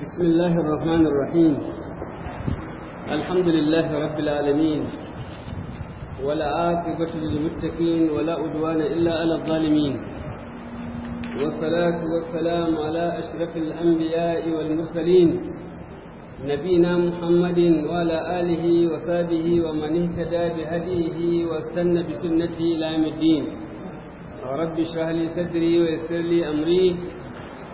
بسم الله الرحمن الرحيم الحمد لله رب العالمين ولا عاقبة للمتقين ولا عدوان إلا على الظالمين والصلاة والسلام على أشرف الأنبياء والمرسلين نبينا محمد وعلى آله وصحبه ومن اهتدى بهديه واستنى بسنته إلى يوم الدين رب اشرح لي صدري ويسر لي أمري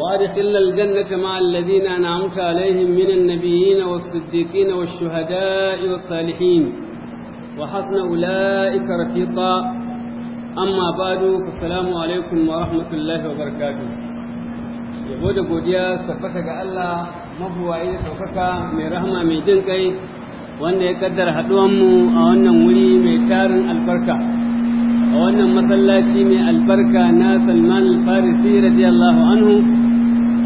وادخلنا الجنة مع الذين أنعمت عليهم من النبيين والصديقين والشهداء والصالحين وحسن أولئك رفيقا أما بعد فالسلام عليكم ورحمة الله وبركاته yabo da godiya tabbata ga Allah mabuwayi da ɗaukaka mai rahama mai jin kai wanda ya kaddara mu a wannan wuri mai tarin albarka a wannan masallaci mai albarka na Salman al radiyallahu anhu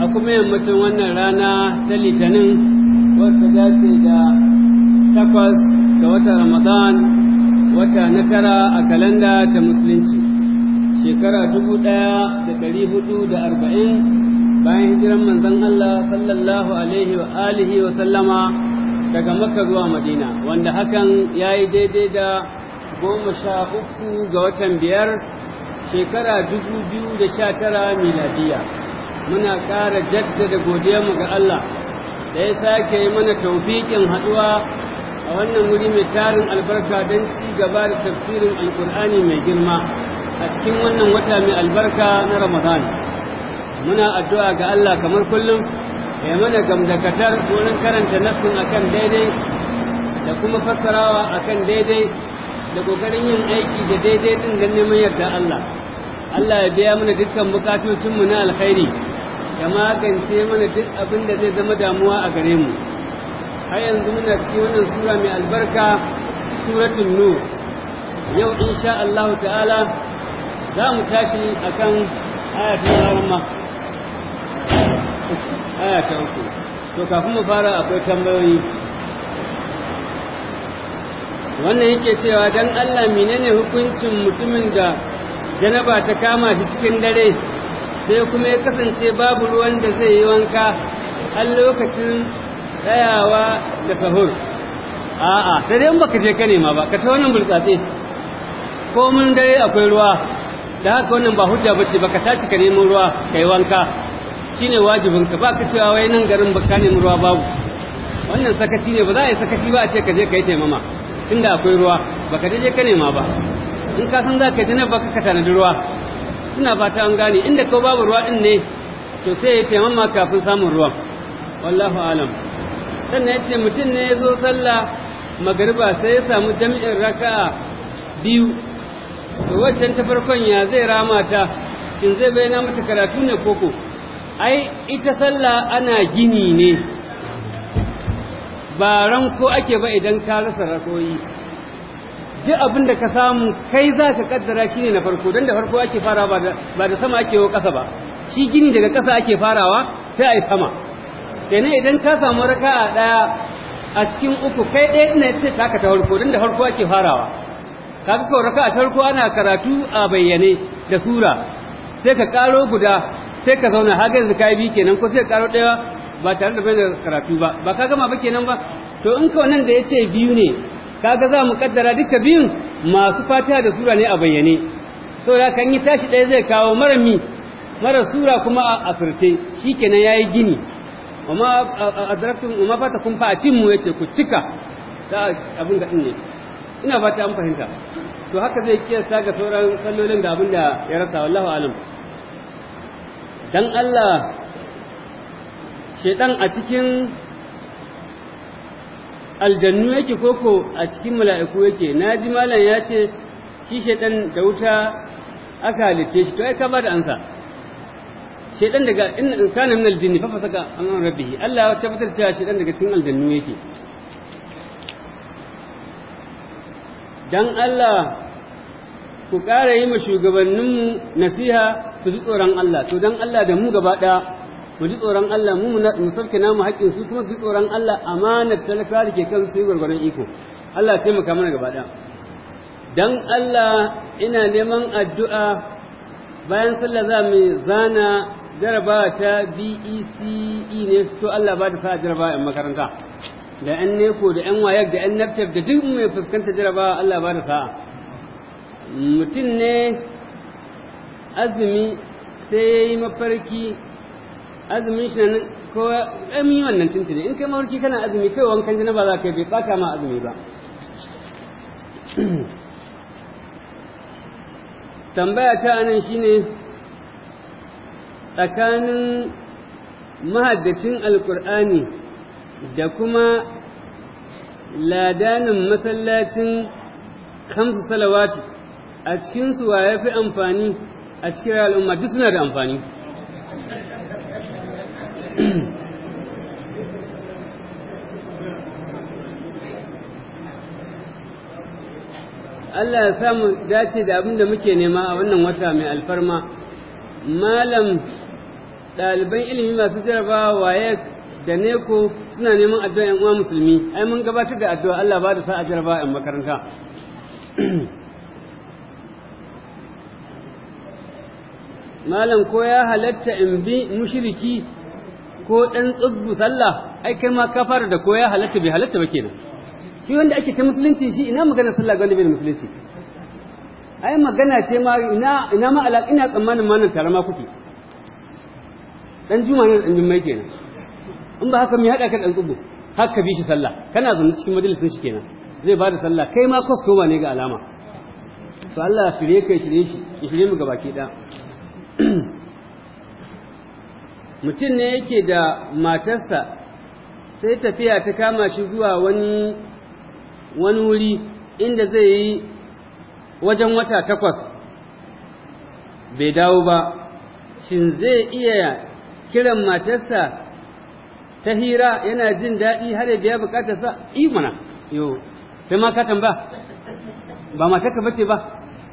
a kuma yammacin wannan rana ta litinin wadda dace da takwas ga wata ramadan wata na tara a kalanda ta musulunci shekara dubu ɗaya da ɗari hudu da arba'in bayan hijiran manzon Allah sallallahu alaihi wa alihi wa sallama daga makka zuwa madina wanda hakan ya yi daidai da goma sha uku ga watan biyar shekara dubu biyu da sha tara miladiya muna ƙara jaddada godiyarmu ga Allah da ya sake yi mana taufiƙin haɗuwa a wannan wuri mai tarin albarka don ci gaba da tafsirin alkur'ani mai girma a cikin wannan wata mai albarka na ramadan muna addu'a ga Allah kamar kullum ya mana gamdakatar wurin karanta nassin akan daidai da kuma fassarawa akan daidai da ƙoƙarin yin aiki da daidai din don neman yarda Allah Allah ya biya mana dukkan bukatocinmu na alkhairi ya magance mana duk abin da zai zama damuwa a gare mu har yanzu muna cikin wannan sura mai albarka suratul nur yau insha Allah ta'ala za mu tashi akan ayatul rahma aya ta uku to kafin mu fara akwai tambayoyi wannan yake cewa dan Allah menene hukuncin mutumin da janaba ta kama shi cikin dare sai kuma ya kasance babu ruwan da zai yi wanka har lokacin tsayawa da sahur a'a da dai baka je ka nema ba ka ta wannan burtsatse ko mun dai akwai ruwa da haka wannan ba hujja bace baka tashi ka nemo ruwa kai wanka shine wajibin ka baka cewa wai nan garin baka nemi ruwa babu wannan sakaci ne ba za a yi sakaci ba a ce ka je ka yi taimama tunda akwai ruwa baka je ka nema ba in ka san za ka je nan baka ka tanadi ruwa suna fata an gani. inda ko babu ruwa din ne to sai ya taimama kafin samun ruwa. wallahu alam sannan ya ce mutum ne ya zo sallah magariba sai ya samu jami'in raka'a biyu to waccan ta farkon ya zai rama ta shin zai bayyana mata karatu ne koko ai ita sallah ana gini ne ba ranko ake ba idan ka rasa rakoyi duk abin da ka samu kai za ka kaddara shi ne na farko don da farko ake fara ba da sama ake wa ƙasa ba shi gini daga ƙasa ake farawa sai a yi sama kenan idan ka samu raka a ɗaya a cikin uku kai ɗaya ina ce taka ta farko don da farko ake farawa kaga kawai raka a ta farko ana karatu a bayyane da sura sai ka ƙaro guda sai ka zauna har yanzu ka bi kenan ko sai ka ƙaro ɗaya ba tare da bayyana karatu ba ba ka gama ba kenan ba to in ka wannan da ya ce biyu ne kaga za mu kaddara duka biyun masu fatiha da sura ne a bayyane saboda kan yi tashi ɗaya zai kawo mara mara sura kuma a asirce shikenan yayi gini amma adraktum umma fata kun fa ya yace ku cika ta abin da ne ina fata an fahimta to haka zai sa ga sauran sallolin da abin da ya rasa wallahu alam dan Allah shedan a cikin aljannu yake koko a cikin mala'iku yake na ji malam ya ce shi shaɗan da wuta aka halitte shi to ai ka da ansa shaɗan daga in kana min aljinni fafa saka an rabbi Allah ya tabbatar cewa shaɗan daga cikin aljannu yake dan Allah ku ƙara yi ma shugabanninmu nasiha su ji tsoron Allah to dan Allah da mu gaba ɗaya mu ji tsoron Allah mu mu sauke namu haƙƙin su kuma ji tsoron Allah amanar talakawa da ke kan su yi gwargwaron iko Allah ya taimaka mana gaba ɗaya dan Allah ina neman addu'a bayan sallah za mu zana jarabawa ta BECE e ne to Allah ba ta sa jarabawa a makaranta da ƴan neko da ƴan wayak da ƴan naftar da duk mai fuskanta jarabawa Allah ba ta sa'a mutum ne azumi sai ya yi mafarki azumin shi nan ko ɗan yi wannan tuntuni in kai mawarki kana azumi kai wankan jina ba za ka yi bai ɓata ma azumi ba tambaya ta anan ne tsakanin mahaddacin alkur'ani da kuma ladanin masallacin kamsu salawatu a cikinsu wa ya fi amfani a cikin al'umma duk suna da amfani Allah ya samu dace da abin da muke nema a wannan wata mai alfarma malam ɗaliban ilimi masu jarabawa waye da neko suna neman addu'a yan uwa musulmi ai mun gabatar da addu'a Allah ba da sa'a jarabawa yan makaranta malam ko ya halatta in bi mushiriki. ko ɗan tsubbu sallah ai kai ma ka fara da ko ya halatta bai halatta ba kenan shi wanda ake ta musulunci shi ina magana sallah ga wanda bai da musulunci ai magana ce ma ina ina ma alaƙa ina tsammanin ma nan tare ma kuke dan juma ne dan jummai kenan in ba haka mai haɗa ka ɗan tsubu haka bi shi sallah kana zaune cikin majalisin shi kenan zai bada sallah kai ma kwaktoba ne ga alama to Allah shirye kai shirye shi shirye mu gabaki ɗaya mutum ne yake da matarsa sai tafiya ta kama shi zuwa wani wuri inda zai yi wajen wata takwas bai dawo ba shin zai iya kiran matarsa ta hira yana jin daɗi har ya biya sa imana yo sai ma ka ba. ba matarka bace ba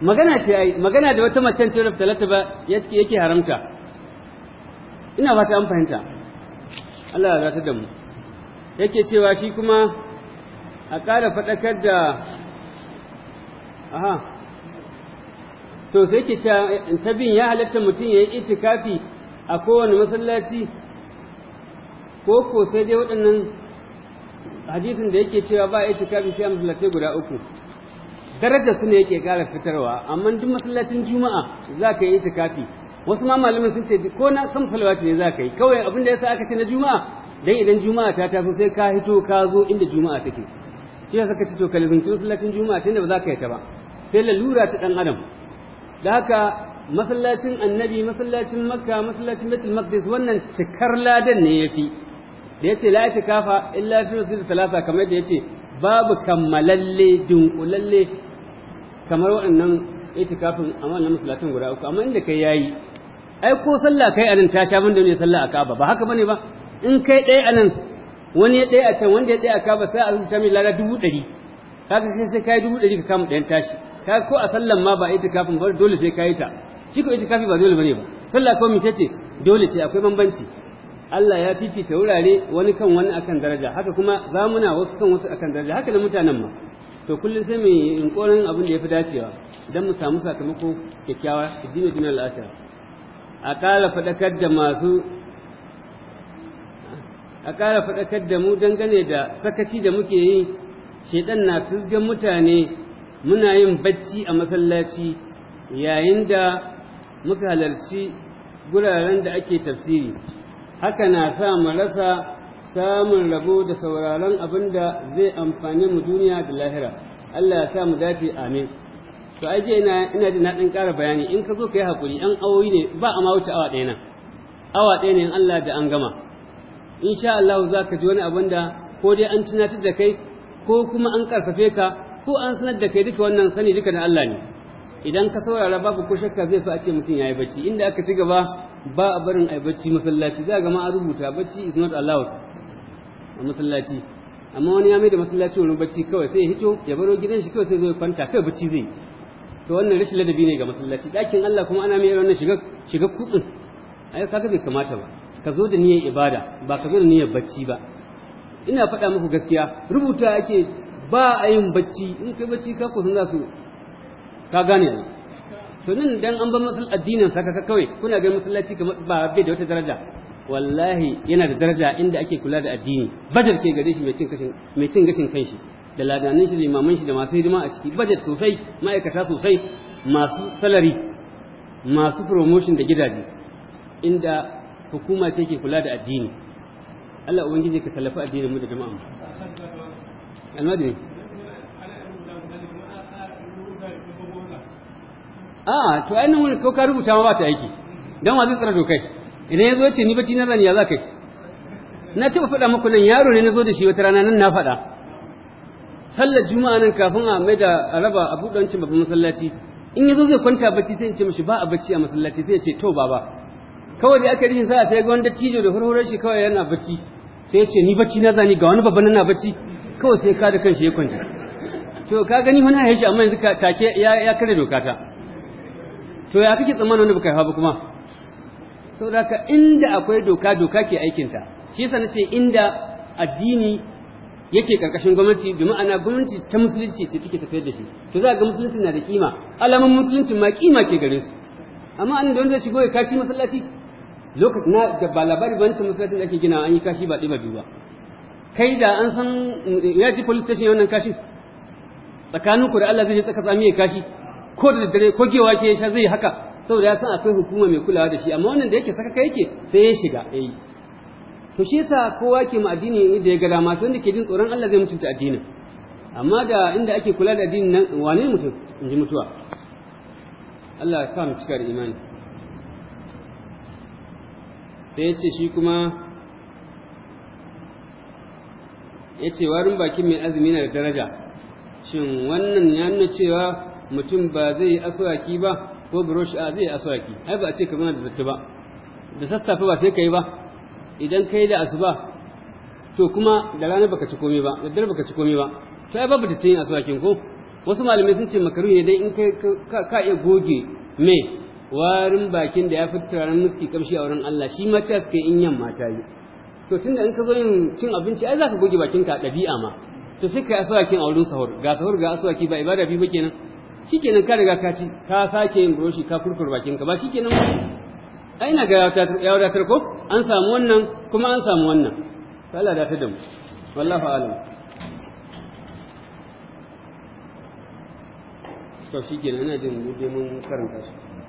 magana ce ai magana da wata macen ce rafta ba yake haramta ina ba ta an fahimta Allah ya zata da mu yake cewa shi kuma a ƙara faɗakar da aha to sai ke ta bin ya halatta mutum ya yi itikafi a kowane masallaci ko ko sai dai waɗannan hadisin da yake cewa ba itikafi sai a masallatai guda uku darajar su ne yake ƙara fitarwa amma duk masallacin juma'a za ka yi itikafi wasu ma malamin sun ce ko na kam salawati ne za ka yi kawai abin da ya sa aka ce na juma'a dai idan juma'a ta taso sai ka hito ka zo inda juma'a take shi ya saka ci to kalibin masallacin juma'a inda ba za ka yi ta ba sai lalura ta dan adam da haka masallacin annabi masallacin makka masallacin baitul maqdis wannan cikar ladan ne yafi da yace la itikafa illa fi masjid salasa kamar da ce babu kammalalle dunkulalle kamar waɗannan itikafin a na masallacin guda uku amma inda kai yayi ai ko sallah kai anan ta sha banda ne sallah a Ka'aba ba haka bane ba in kai ɗaya anan wani ya ɗaya a can wanda ya ɗaya a Ka'aba sai a rubuta mai lada dubu ɗari kaga sai sai kai dubu ɗari ka kama dan tashi kaga ko a sallan ma ba ita kafin ba dole sai kai ta shi ko ita kafi ba dole bane ba sallah ko mace ce dole ce akwai bambanci Allah ya fifita wurare wani kan wani akan daraja haka kuma zamuna wasu kan wasu akan daraja haka da mutanen ma to kullum sai mu yi abin da ya fi dacewa idan mu samu sakamako kyakkyawa addinin dunar al'asira a ƙara faɗakar da masu da mu dangane da sakaci da muke yi shaidan na fusgan mutane muna yin bacci a masallaci yayin da muka halarci guraren da ake tafsiri haka na sa mu rasa samun rabo da sauraron abinda zai amfani mu duniya da lahira Allah ya sa mu dace amin to ai je ina ina da nadin ƙara bayani in ka zo ka yi hakuri an awoyi ne ba a ma wuce awa ɗaya nan awa ɗaya ne in Allah da an gama insha Allah za ka ji wani abin da ko dai an tunatar da kai ko kuma an karfafe ka ko an sanar da kai duka wannan sani duka da Allah ne idan ka saurara babu ko shakka zai fi a ce mutum yayi bacci inda aka ci gaba ba a barin ai bacci masallaci za ga ma an rubuta bacci is not allowed a masallaci amma wani ya mai da masallaci wurin bacci kawai sai ya hito ya baro gidan shi kawai sai zo ya kwanta kai bacci zai to wannan rashin ladabi ne ga masallaci ɗakin Allah kuma ana mai wannan shiga shiga kutsin ai kaga bai kamata ba ka zo da niyyar ibada ba ka zo da niyyar bacci ba ina faɗa muku gaskiya rubuta ake ba a yin bacci in kai bacci ka kusan za su ka gane ne to nan dan an bar masal addinin saka ka kawai kuna ga masallaci kamar ba bai da wata daraja wallahi yana da daraja inda ake kula da addini bajar ke gare shi mai cin gashin mai cin gashin kanshi da ladanin shi da imaman shi da masu hidima a ciki budget sosai ma'aikata sosai masu salari masu promotion da gidaje inda hukuma ce ke kula da addini Allah ubangiji ka tallafi addinin mu da jama'a mu almadini a ah, to ai nan ko ka rubuta ma ba ta aiki dan wa zai tsara dokai idan yanzu ya ce ni bacci na ran ya za kai na ba faɗa muku nan yaro ne na zo da shi wata rana nan na faɗa sallar juma'a nan kafin a mai da araba a buɗe wancan babban masallaci in ya yazo zai kwanta bacci sai in ce mashi ba a bacci a masallaci sai ya ce to baba kawai da aka rishin sa'a sai ga wanda tijo da hurhurar shi kawai yana bacci sai ya ce ni bacci na zani ga wani babban na bacci kawai sai ka da kanshi ya kwanta to ka gani wani haishi amma yanzu take ya ya kare doka ta to ya kake tsammanin wanda baka haifa ba kuma saboda haka inda akwai doka doka ke aikinta shi yasa nace inda addini yake karkashin gwamnati bi ma'ana gwamnati ta musulunci ce take tafiyar da shi to za ga musulunci na da kima alamun musulunci ma kima ke gare su amma an da wanda zai shigo ya kashi masallaci lokacin na da ba labari ba masallacin da ake gina an yi kashi ba ɗiba biyu ba kai da an san eh, ya ji police station wannan kashi tsakanin ku da Allah zai tsaka tsami ya kashi ko da daddare ko gewa ke sha zai haka saboda ya san akwai hukuma mai kulawa da shi amma wannan da yake saka kai yake sai ya shiga eh to shi yasa kowa ke ma addini da ya gada masu wanda ke jin tsoron Allah zai mutunta addinin amma da inda ake kula da addinin nan wane mutum in ji mutuwa Allah ya kama cika da imani sai ya ce shi kuma ya ce warin bakin mai azumi na da daraja shin wannan ya nuna cewa mutum ba zai yi aswaki ba ko burosh a zai yi aswaki ai ba a ce ka da zata ba da sassafe ba sai ka yi ba idan kai da asuba to kuma da rana baka ci komai ba da dare baka ci komai ba to ai babu tattayin asuba kin ko wasu malamai sun ce makaru ne dai in kai ka iya goge me warin bakin da ya fi turaren miski kamshi a wurin Allah shi ma cewa kai in yamma ta yi to tunda in ka zo yin cin abinci ai zaka goge bakin ka ɗabi'a ma to sai kai asuwakin a wurin sahur ga sahur ga asuwaki ba ibada bi ba kenan shikenan ka riga ka ci ka sake yin buroshi ka kurkur bakin ka ba shikenan ai na ga ya wadatar ko an samu wannan kuma an samu wannan Allah da da mu wallahu alam to shi ke nan jin mu je mun karanta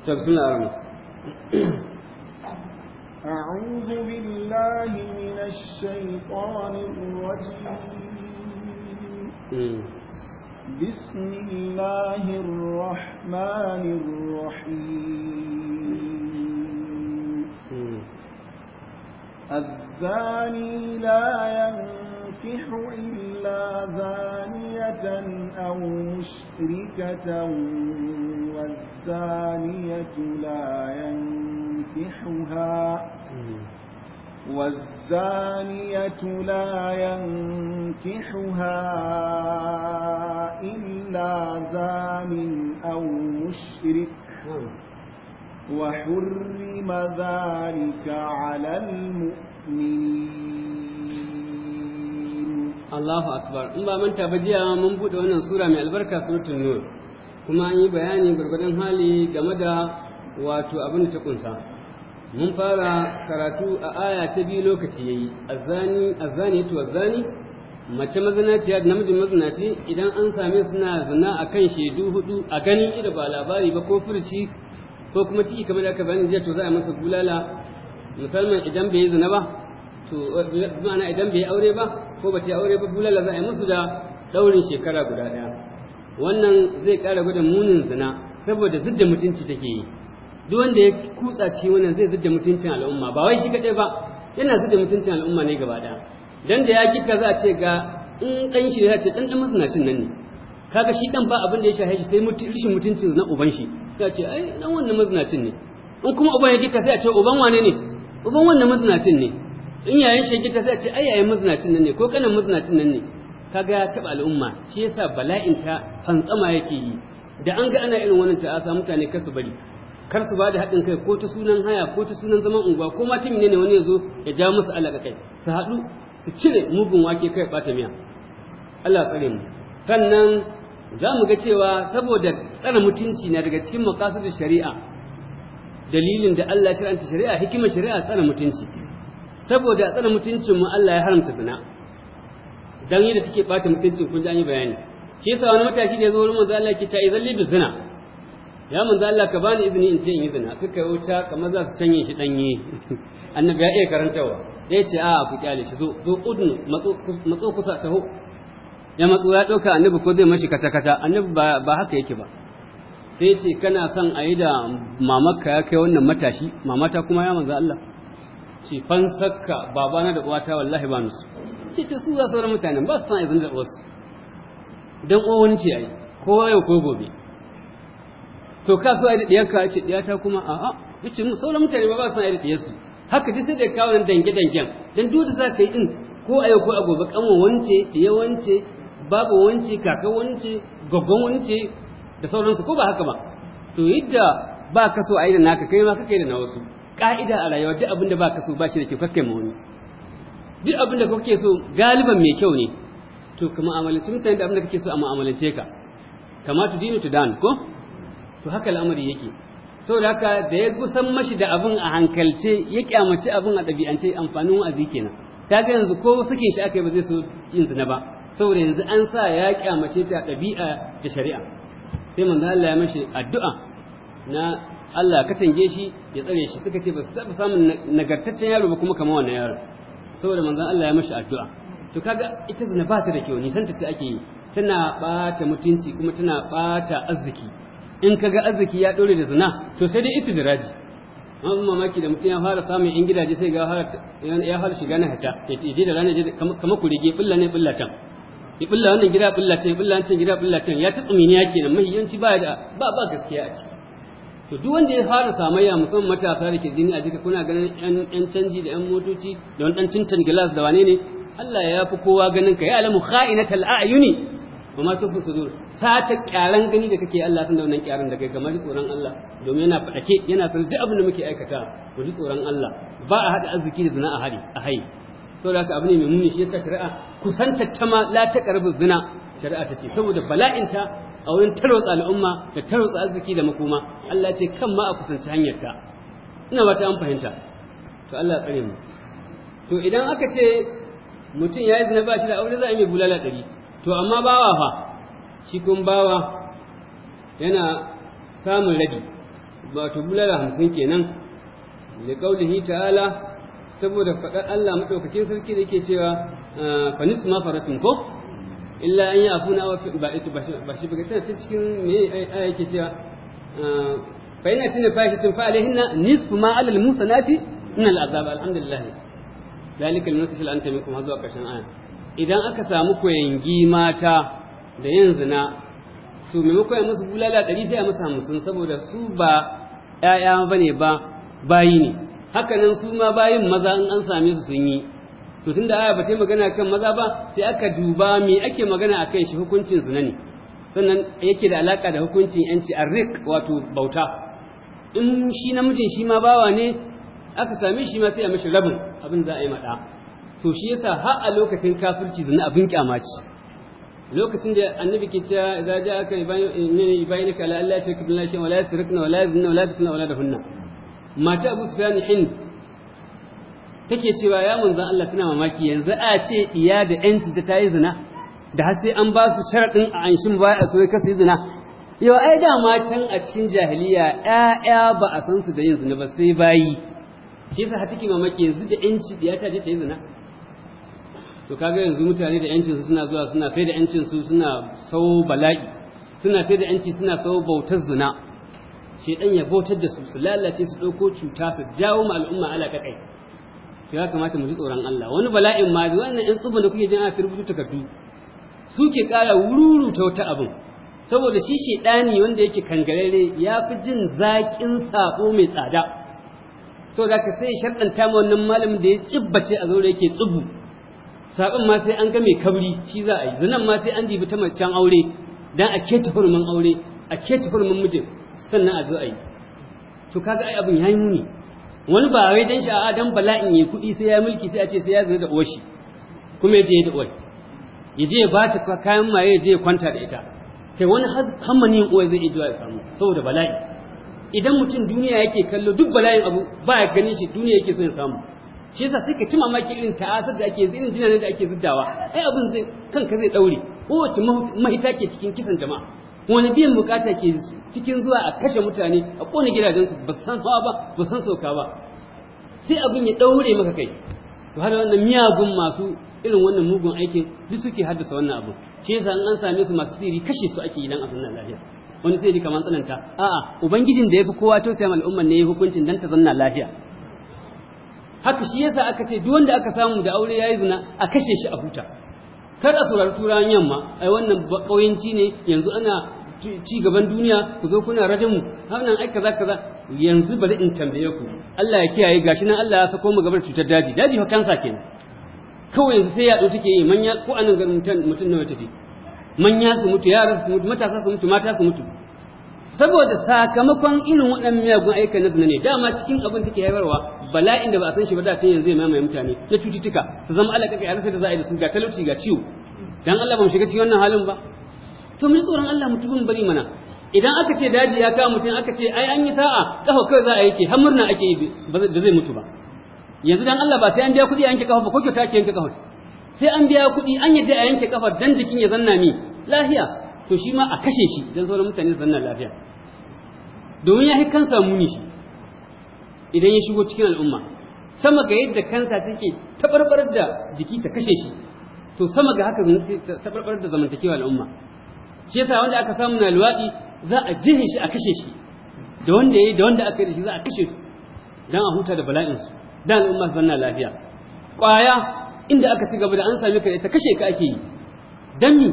shi to bismillah ar-rahman أعوذ بالله من الشيطان الرجيم بسم الله الرحمن الرحيم الزاني لا ينكح إلا زانية أو مشركة والزانية لا ينكحها والزانية لا ينكحها إلا زان أو مشرك نعم. وحرم ذلك على المؤمنين Allahu akbar in ba manta ba jiya mun bude wannan sura mai albarka suratul nur kuma an yi bayani gurgurdan hali game da wato abin ta kunsa mun fara karatu a aya ta biyu lokaci yayi azani azani to azani mace mazinaciya da namijin mazinaci idan an same suna zina akan shaidu huɗu, a ganin ido ba labari ba ko furuci. ko kuma ciki kamar da aka bayani jiya to za a masa bulala musamman idan bai yi zina ba to ma'ana idan bai aure ba ko ba ce aure ba bulala za a yi musu da daurin shekara guda daya wannan zai ƙara gudun munin zina saboda zidda mutunci take yi duk wanda ya kutsa cikin wannan zai zidda mutuncin al'umma ba wai shi kaɗai ba yana zidda mutuncin al'umma ne gaba daya dan da ya kika za a ce ga in dan shi ya ce ɗan ɗan cin nan ne kaga shi ɗan ba abin da ya shahe shi sai rishin mutuncin na uban shi ta ce ai dan wannan mazinacin ne in kuma uban ya gita sai a ce uban wane ne uban wannan mazinacin ne in yayin shi gita sai a ce ai yayin mazinacin nan ne ko kanan mazinacin nan ne kaga ya taba al'umma shi yasa bala'in ta fantsama yake yi da an ga ana irin wannan ta'asa mutane kar su bari kar su bada haɗin kai ko ta sunan haya ko ta sunan zaman unguwa ko ma ta menene wani ya zo ya ja musu alaka kai su haɗu su cire mugun wake kai ɓata miya Allah tsare mu sannan za mu ga cewa saboda tsara mutunci na daga cikin maqasidin shari'a dalilin da Allah shari'anta shari'a hikimar shari'a tsara mutunci saboda tsara mutuncin mu Allah ya haramta zina dan yadda take bata mutuncin kun ji an yi bayani shi yasa wani matashi da ya zo wurin manzo Allah yake cewa idan libi zina ya manzo Allah ka bani izini in ce in yi zina suka wuta kamar za su canye shi danye annabi ya iya karantawa ya ce a ku kyale shi zo zo udnu matso kusa taho ya matsu ya ɗauka annabi ko zai mashi kata-kata annabi ba haka yake ba sai ce kana son a yi da mamakka ya kai wannan matashi mamata kuma ya manzo Allah ce fansakka babana da uwata wallahi ba nusu. ce ta su za su wani mutanen ba su san izin da wasu don uwa wani ce yi, ko yau ko gobe to ka so ai da diyarka ce ɗiyata kuma a'a ce mu sauran mutane ba ba su san ai da diyarsu haka duk sai da kawo dange dangen don duk da za ka yi ɗin, ko a yau ko a gobe kamo wance diya wance babu wanci kaka wanci gaggon wanci da sauransu ko ba haka ba to yadda ba ka so a yi da naka kai ma kake da na wasu ka'ida a rayuwa duk abin da ba ka so ba shi da kyau kakkai ma wani duk abin da kake so galiban mai kyau ne to ka mu'amalance mutane da abin da kake so a mu'amalance ka kama tu dinu tu dan ko to haka al'amari yake saboda haka da ya gusan mashi da abin a hankalce ya kyamaci abin a ɗabi'ance amfanin wa'azi kenan ta ga yanzu ko sakin shi aka yi ba zai so yin zina ba saboda yanzu an sa ya kyamace ta ɗabi'a da shari'a sai manzo Allah ya mashi addu'a na Allah ka tange shi ya tsare shi suka ce ba su taɓa samun nagartaccen yaro ba kuma kamar wannan yaro saboda manzo Allah ya mashi addu'a to kaga ita zina ba ta da kyau nisan ta ake yi tana ɓata mutunci kuma tana ɓata arziki in ka ga arziki ya ɗore da zina to sai dai ita da raji an mamaki da mutum ya fara samun yan gidaje sai ga ya fara shiga na hata ya je da rana kamar kurege ɓulla ne ɓulla can ya billa wannan gida bulla ce ya wancan gida bulla ce ya ta tsuminiya kenan mahiyanci ba da ba ba gaskiya a ciki to duk wanda ya fara samayya musamman matasa da ke jini a jika kuna ganin yan canji da yan motoci da wani dan cincin gilas da wane ne Allah ya fi kowa ganin ka ya alamu kha'inatal a'yuni wa ma tufu sudur sata kyaran gani da kake Allah san da wannan kyaran da kai kamar tsoron Allah domin yana fadake yana san duk abin da muke aikata ku ji tsoron Allah ba a hada arziki da zina a hari a hayi saboda haka abu ne mai muni shi yasa shari'a kusanta ta ma la ta karbi zina shari'a ta ce saboda bala'inta a wurin tarwatsa al'umma da tarwatsa arziki da makoma Allah ce kan ma a kusanci hanyar ta ina ba ta an fahimta to Allah tsare mu to idan aka ce mutum ya yi zina ba shi da aure za a yi bulala ɗari to amma bawa fa shi kun bawa yana samun rabi wato bulala hamsin kenan da kaulihi ta'ala saboda faɗar Allah maɗaukakin sarki da yake cewa ah, fanis ma faratun ko illa an yi afuna wa ba ita ba shi bugata tana cikin me aya yake cewa ah, fa yana tun fahishin fa alaihinna nisfu ma alal musanati min al azab alhamdulillah dalika linusil anta minkum har zuwa ƙarshen aya idan aka samu koyangi mata da yin zina to maimakon ya musu bulala ɗari sai a musu hamsin saboda su ba ‘ya'ya ba ne ba bayi ne haka nan su ma bayin maza in an same su sun yi to tunda aya ba ta magana kan maza ba sai aka duba me ake magana akan shi hukuncin zina ne sannan yake da alaka da hukuncin yanci arrik wato bauta in shi namijin shi ma bawa ne aka same shi ma sai a mashi rabin abin za a yi maɗa to shi yasa har a lokacin kafirci zina abin kyama ce lokacin da annabi ke cewa idza ja'aka yubayyinaka ala allahi shirka billahi wa la yusrikna wa la yuzna wa la tafna wa la dafna Mace abu sufyan hind take cewa ya manzon Allah tana mamaki yanzu a ce iya da yanci ta yi zina da har sai an ba su sharadin a anshin ba a so ka yi zina yau ai da ma a cikin jahiliya ƴaƴa ba a san su da yin zina ba sai bayi shi sa take mamaki yanzu da yanci ya ta je ta yi zina to kaga yanzu mutane da yancin su suna zuwa suna sai da yancin su suna sau bala'i suna sai da yanci suna sau bautar zina dan ya bautar da su su lalace su ɗauko cuta su jawo ma al'umma ala kakai shi ya kamata mu ji tsoron Allah wani bala'in ma wannan in tsubun da kuke jin a firbutu takardu su ke ƙara wururu ta wata abin saboda shi shedani wanda yake kangarere ya fi jin zaƙin sako mai tsada to da ka sai sharɗanta ma wannan malamin da ya tsibbace a zaure yake tsubu sabon ma sai an ga mai kabri shi za a yi zanen ma sai an dibi ta macen aure dan a keta hurumin aure a keta hurumin mijin sannan a zo a yi to kaga ai abin yayi muni wani ba wai dan sha'a dan bala'in yayi kuɗi sai ya mulki sai a ce sai ya zo da uwar shi kuma ya je da uwar ya je ya ba ta kayan maye ya je ya kwanta da ita kai wani hammanin uwar zai iya ya samu saboda bala'i idan mutum duniya yake kallo duk bala'in abu ba ya ganin shi duniya yake so ya samu shi yasa sai ka ci mamaki irin ta'asar da ake irin jinanen da ake ziddawa ai abin zai kanka zai daure kowace mahita ke cikin kisan jama'a wani biyan bukata ke cikin zuwa a kashe mutane a kone gidajensu ba san hawa ba ba san sauka ba sai abin ya daure maka kai to har wannan miyagun masu irin wannan mugun aikin duk suke haddasa wannan abu shi yasa an same su masu sirri kashe su ake yi nan a sunan lafiya wani sai ji kamar tsananta a'a ubangijin da yafi kowa tausaya al'umma ne ya hukuncin dan ta zanna lafiya haka shi yasa aka ce duk wanda aka samu da aure yayi zina a kashe shi a huta kar a saurari turan yamma ai wannan ƙauyenci ne yanzu ana ci gaban duniya ku zo kuna mu hannun ai kaza kaza yanzu bari in tambaye ku Allah ya kiyaye gashi nan Allah ya sako mu gaban cutar daji daji fa kansa kenan kawai yanzu sai yaɗo take yi manya ko anan garin mutum mutum nawa tafi manya su mutu yara su mutu matasa su mutu mata su mutu saboda sakamakon irin waɗannan miyagun ayyukan na ne dama cikin abin take haifarwa bala'in da ba a san shi ba da can yanzu ya mamaye mutane na cututtuka su zama alaƙa a sai da za a yi da su ga talauci ga ciwo dan Allah ba mu shiga cikin wannan halin ba to mun tsoron Allah mutumin bari mana idan aka ce daji ya kama mutum aka ce ai an yi sa'a kafa kai za a yake har murna ake yi ba zai mutu ba yanzu dan Allah ba sai an biya kuɗi a yanke kafa ba ko kyauta ake yanke kafa sai an biya kuɗi an yadda a yanke kafa dan jikin ya zanna mi lafiya to shi ma a kashe shi dan sauran mutane su zanna lafiya domin ya yi kansa muni shi idan ya shigo cikin al'umma sama ga yadda kansa take tabarbarar da jiki ta kashe shi to sama ga haka tabarbarar da zamantakewa al'umma shi yasa wanda aka samu na luwaɗi za a jihe shi a kashe shi da wanda yayi da wanda aka yi da shi za a kashe su dan a huta da bala'in su dan al'umma su zanna lafiya ƙwaya inda aka ci gaba da an sami ka ita kashe ka ake yi dan mi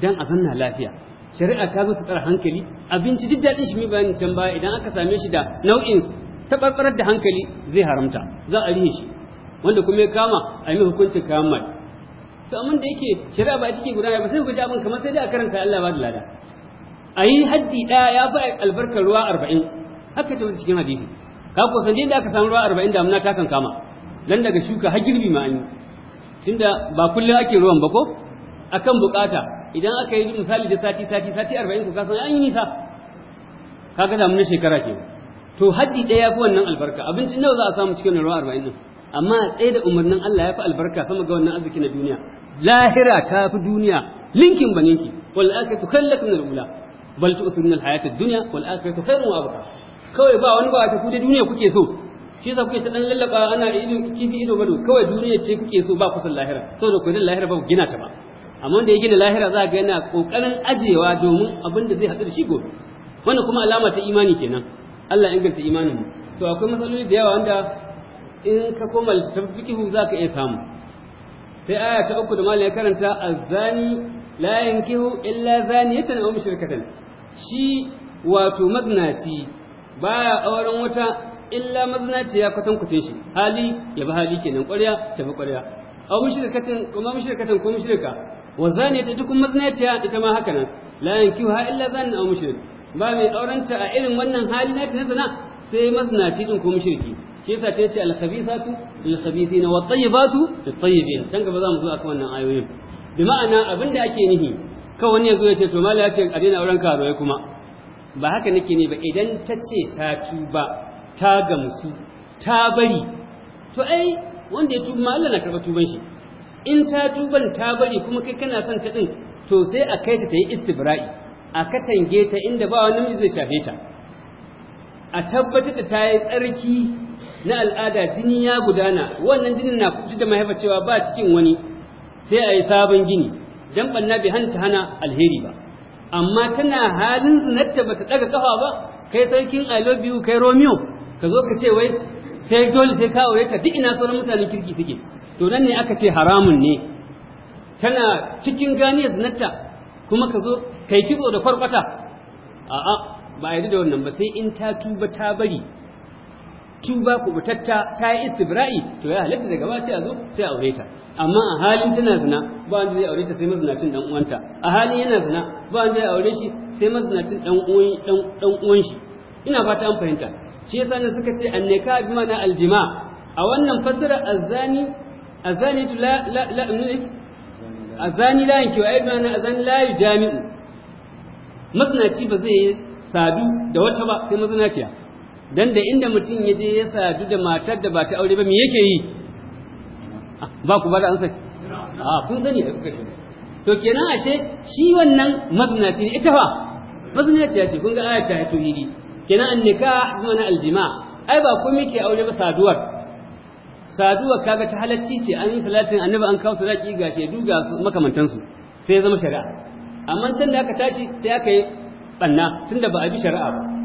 dan a zanna lafiya shari'a ta zo ta tsara hankali abinci duk daɗin shi mai bayanin can baya idan aka same shi da nau'in taɓarɓarar da hankali zai haramta za a rihe shi wanda kuma ya kama a yi hukuncin kayan mai to amma da yake shari'a ba ciki guda ba sai ku ji abin kamar sai dai a karanta Allah ba da lada a yi haddi ɗaya ya fi albarkar ruwa arba'in haka ta cikin hadisi ka ko san da aka samu ruwa arba'in damuna ta kan kama dan daga shuka har girbi ma anyi. tunda ba kullum ake ruwan ba ko akan bukata idan aka yi misali da sati sati sati arba'in ku ka san an yi nisa kaga mun shekara ke to haddi ɗaya ya fi wannan albarka abincin nawa za a samu cikin ruwa arba'in nan amma tsaye da umarnin Allah ya fi albarka sama ga wannan arziki na duniya lahira ta fi duniya linkin ba ninki wal akhiratu khallakum min al ula bal tu'thirun al hayata ad-dunya wal akhiratu khairun wa abqa kawai ba wani ba ta ku da duniya kuke so shi yasa kuke ta dan lallaba ana ido kifi ido gado kawai duniya ce kuke so ba kusan lahira saboda ku da lahira ba gina ta ba amma da ya gina lahira za ga yana kokarin ajewa domin abin da zai hadu da shi gobe wannan kuma alama ta imani kenan Allah inganta imanin mu to akwai matsaloli da yawa wanda in ka koma littafin fikihu za ka iya samu sai aya ta uku da mali ya karanta azzani layin yankihu illa zani zaniyatan aw mushrikatan shi wato maznaci baya auren wata illa maznaci ya kwatan kutin shi hali ya bi hali kenan ƙwarya ta bi ƙwarya aw mushrikatan kuma mushrikatan ko shirka. wa zani zaniyatan duk maznaciya ita ma haka nan la yankihu ha illa zanin aw mushrik ba mai aurenta a irin wannan hali na ta na sai maznaci din ko mushriki kisa ta ce alkhabithatu lilkhabithin wa tayyibatu lit-tayyibin can gaba za mu zo akan wannan ayoyin bi ma'ana abinda ake nihi kawai wani yazo ya ce to mallaka ya ce a daina auren karuwai kuma ba haka nake ne ba idan ta ce ta tuba ta gamsu ta bari to ai wanda ya tuba ma Allah na karba tuban shi in ta tuban ta bari kuma kai kana son ta din to sai a kai ta ta yi istibra'i a katange ta inda ba wani miji zai shafe ta a tabbatar da ta yi tsarki na al'ada jini ya gudana wannan jinin na fitar da mahaifacewa ba cikin wani sai a yi sabon gini dan banna bai hanta hana alheri ba amma tana halin zinatta bata daga kafa ba kai sarkin i love you kai romeo ka zo ka ce wai sai dole sai ka aure ta duk ina sauran mutanen kirki suke to nan ne aka ce haramun ne tana cikin ganiyar zinatta kuma ka zo kai kitso da kwarkwata a'a ba a yi da wannan ba sai in ta tuba ta bari tuba kubutatta ta yi istibra'i to ya halatta daga ba sai a zo sai a aure ta amma a halin tana zina ba wanda zai aure ta sai mazinacin dan uwanta a halin yana zina ba wanda zai aure shi sai mazinacin dan uwan dan uwan shi ina fata an fahimta shi yasa ne suka ce annaka bi mana aljima a wannan fasara azani azani la la la azani la yanki wa ibn azani la yujami'u mazinaci ba zai sadu da wata ba sai mazinaciya dan da inda mutum ya je ya sadu da matar da ba ta aure ba me yake yi ba ku ba da ansa a kun sani da kuka to kenan ashe shi wannan mazinaci ce ita fa mazinaci ce kun ga ayat ta tuhiri kenan annika zuwa na aljima ai ba ku ke aure ba saduwar saduwar kaga ta halacci ce an yi salatin annabi an kawo sadaki ga shaidu ga makamantansu sai ya zama shari'a amma tun da aka tashi sai aka yi banna tun da ba a bi shari'a ba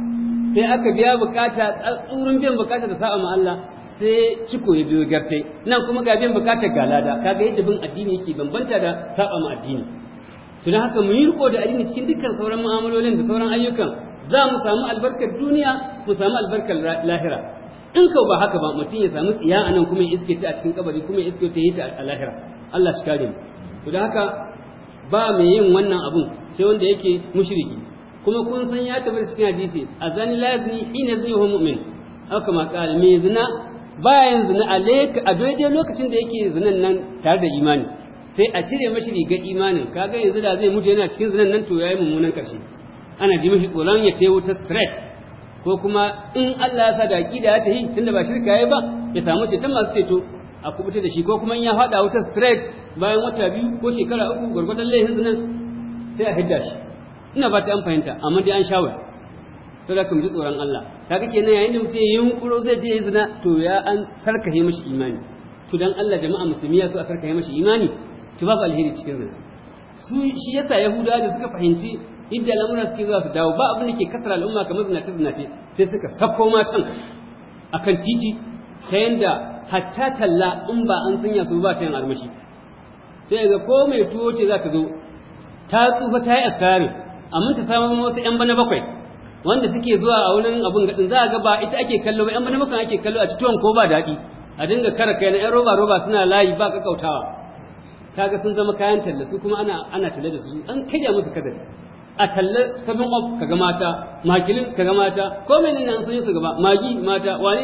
sai aka biya bukata tsurin biyan bukata da sa'a Allah sai ciko ya biyo gafte nan kuma ga biyan bukata ga lada kaga yadda bin addini yake bambanta da sa'a ma addini to haka mu yi riko da addini cikin dukkan sauran mu'amalolin da sauran ayyukan za mu samu albarkar duniya mu samu albarkar lahira in kau ba haka ba mutum ya samu tsiya a nan kuma ya iske ta a cikin kabari kuma ya iske ta yi ta a lahira Allah shi kare mu haka ba mai yin wannan abun sai wanda yake mushriki kuma kun san ya tafi cikin hadisi a zani lazini ina zai yi mu'min haka ma kal me zina bayan zina alayka a daidai lokacin da yake zinan nan tare da imani sai a cire mashi rigar imanin kaga yanzu da zai mutu yana cikin zinan nan to yayi mummunan kashi ana ji mashi tsoron ya tayi wuta straight ko kuma in Allah ya sa da aqida ya tahi tunda ba shirka yayi ba ya samu ceton masu ceto a kubuta da shi ko kuma in ya faɗa wuta straight bayan wata biyu ko shekara uku gurgurdan laifin zinan sai a hidda shi ina ba ta an fahimta amma dai an shawara to da kuma ji tsoron Allah kake kenan yayin da mutum ya kuro zai je zina to ya an sarkahe mashi imani to dan Allah jama'a musulmi ya so a sarkahe mashi imani to babu alheri cikin zina su shi yasa yahudawa da suka fahimci inda lamuna suke zuwa su dawo ba abin da ke kasar al'umma kamar zinace zinace sai suka sako matan akan titi ta yanda hatta talla in ba an sanya su ba ta yin armashi sai ga ko mai tuwo ce za ka zo ta tsufa ta yi askari amma ka samu wasu yan bana bakwai wanda suke zuwa a wurin abin gaɗin za a ga ba ita ake kallo ba yan bana bakwai ake kallo a cikin ko ba daɗi a dinga kara kai na yan roba roba suna layi ba kakautawa kaga sun zama kayan talla su kuma ana ana talla da su an kaja musu kadari a talla sabin of kaga mata makilin kaga mata ko menene an sun yi su gaba magi mata wane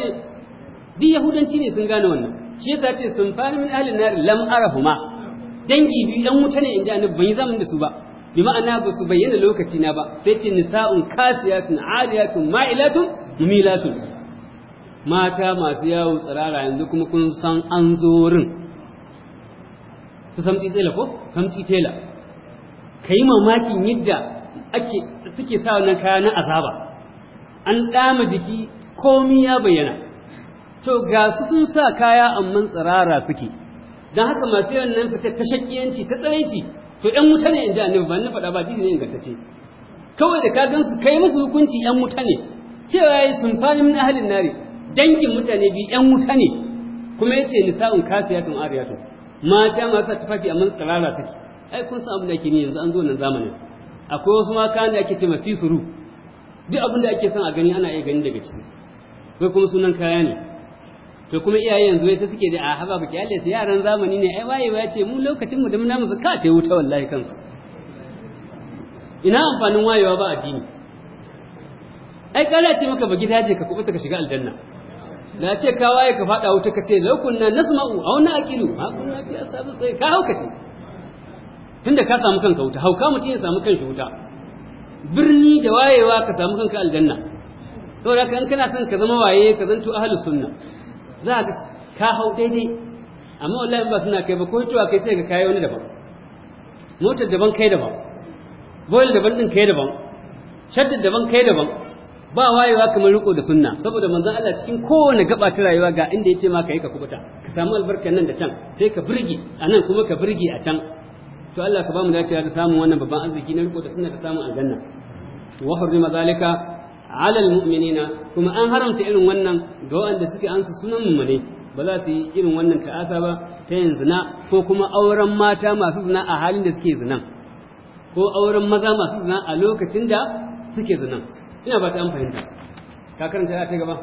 duk yahudanci ne sun gane wannan shi yasa ce sun fani min ahlin nar lam arahuma dangi biyu dan wuta ne inda annabi ban yi zaman da su ba بمعنى ma'ana ba su bayyana lokaci na ba sai ce nisa'un kasiyatun ariyatun ma'ilatun mumilatun mata masu yawo tsirara yanzu kuma kun san an zo wurin su samtsi tsela ko samtsi tela kai mamakin yadda suke sa na kaya na azaba an dama jiki komi ya bayyana to ga su sun sa kaya amma tsirara suke don haka masu yawan nan fita ta shakiyanci ta tsanaici to ƴan wuta ne in ji annabi ba ni faɗa ba jini ne ingantacce kawai da ka su kai musu hukunci 'yan wuta ne cewa yayi sun fani min ahalin nari dangin mutane bi yan wuta ne kuma yace nisa'un kasiyatun ariyatun mata masu tufafi mun tsirara suke ai kun san abin da ake ni yanzu an zo nan zamanin akwai wasu maka da ake ce suru. duk abin da ake son a gani ana iya gani daga ciki kai kuma sunan kaya ne to kuma iyaye yanzu sai suke da a haba baki Allah sai yaran zamani ne ai waye ya ce mu lokacin mu da muna musu ka ta wuta wallahi kansu ina amfanin wayewa ba addini ai kana ce maka baki ta ce ka kubuta ka shiga aljanna na ce ka waye ka fada wuta ka ce laukunna nasma'u a na aqilu ma kunna fi asabu sai ka haukace tunda ka samu kanka wuta hauka mutum ya samu kanshi wuta birni da wayewa ka samu kanka aljanna saboda kan kana son ka zama waye ka zanto ahlus sunna za a ka hau daidai amma wallahi ba suna kai ba ko cewa kai sai ka kayi wani daban motar daban kai daban boil daban din kai daban shaddad daban kai daban ba wayewa kamar riko da sunna saboda manzon Allah cikin kowane gaba ta rayuwa ga inda yace ma kai ka kubuta ka samu albarkar nan da can sai ka burge anan kuma ka burge a can to Allah ka ba mu dacewa da samun wannan babban arziki na riko da sunna da samun aljanna wa hurrima zalika alal mu'minina kuma an haramta irin wannan ga waɗanda suke ansa sunan mummune ba za su yi irin wannan ta'asa ba ta yin zina ko kuma auren mata masu zina a halin da suke zinan ko auren maza masu zina a lokacin da suke zinan ina ba ta an fahimta ka karanta ta gaba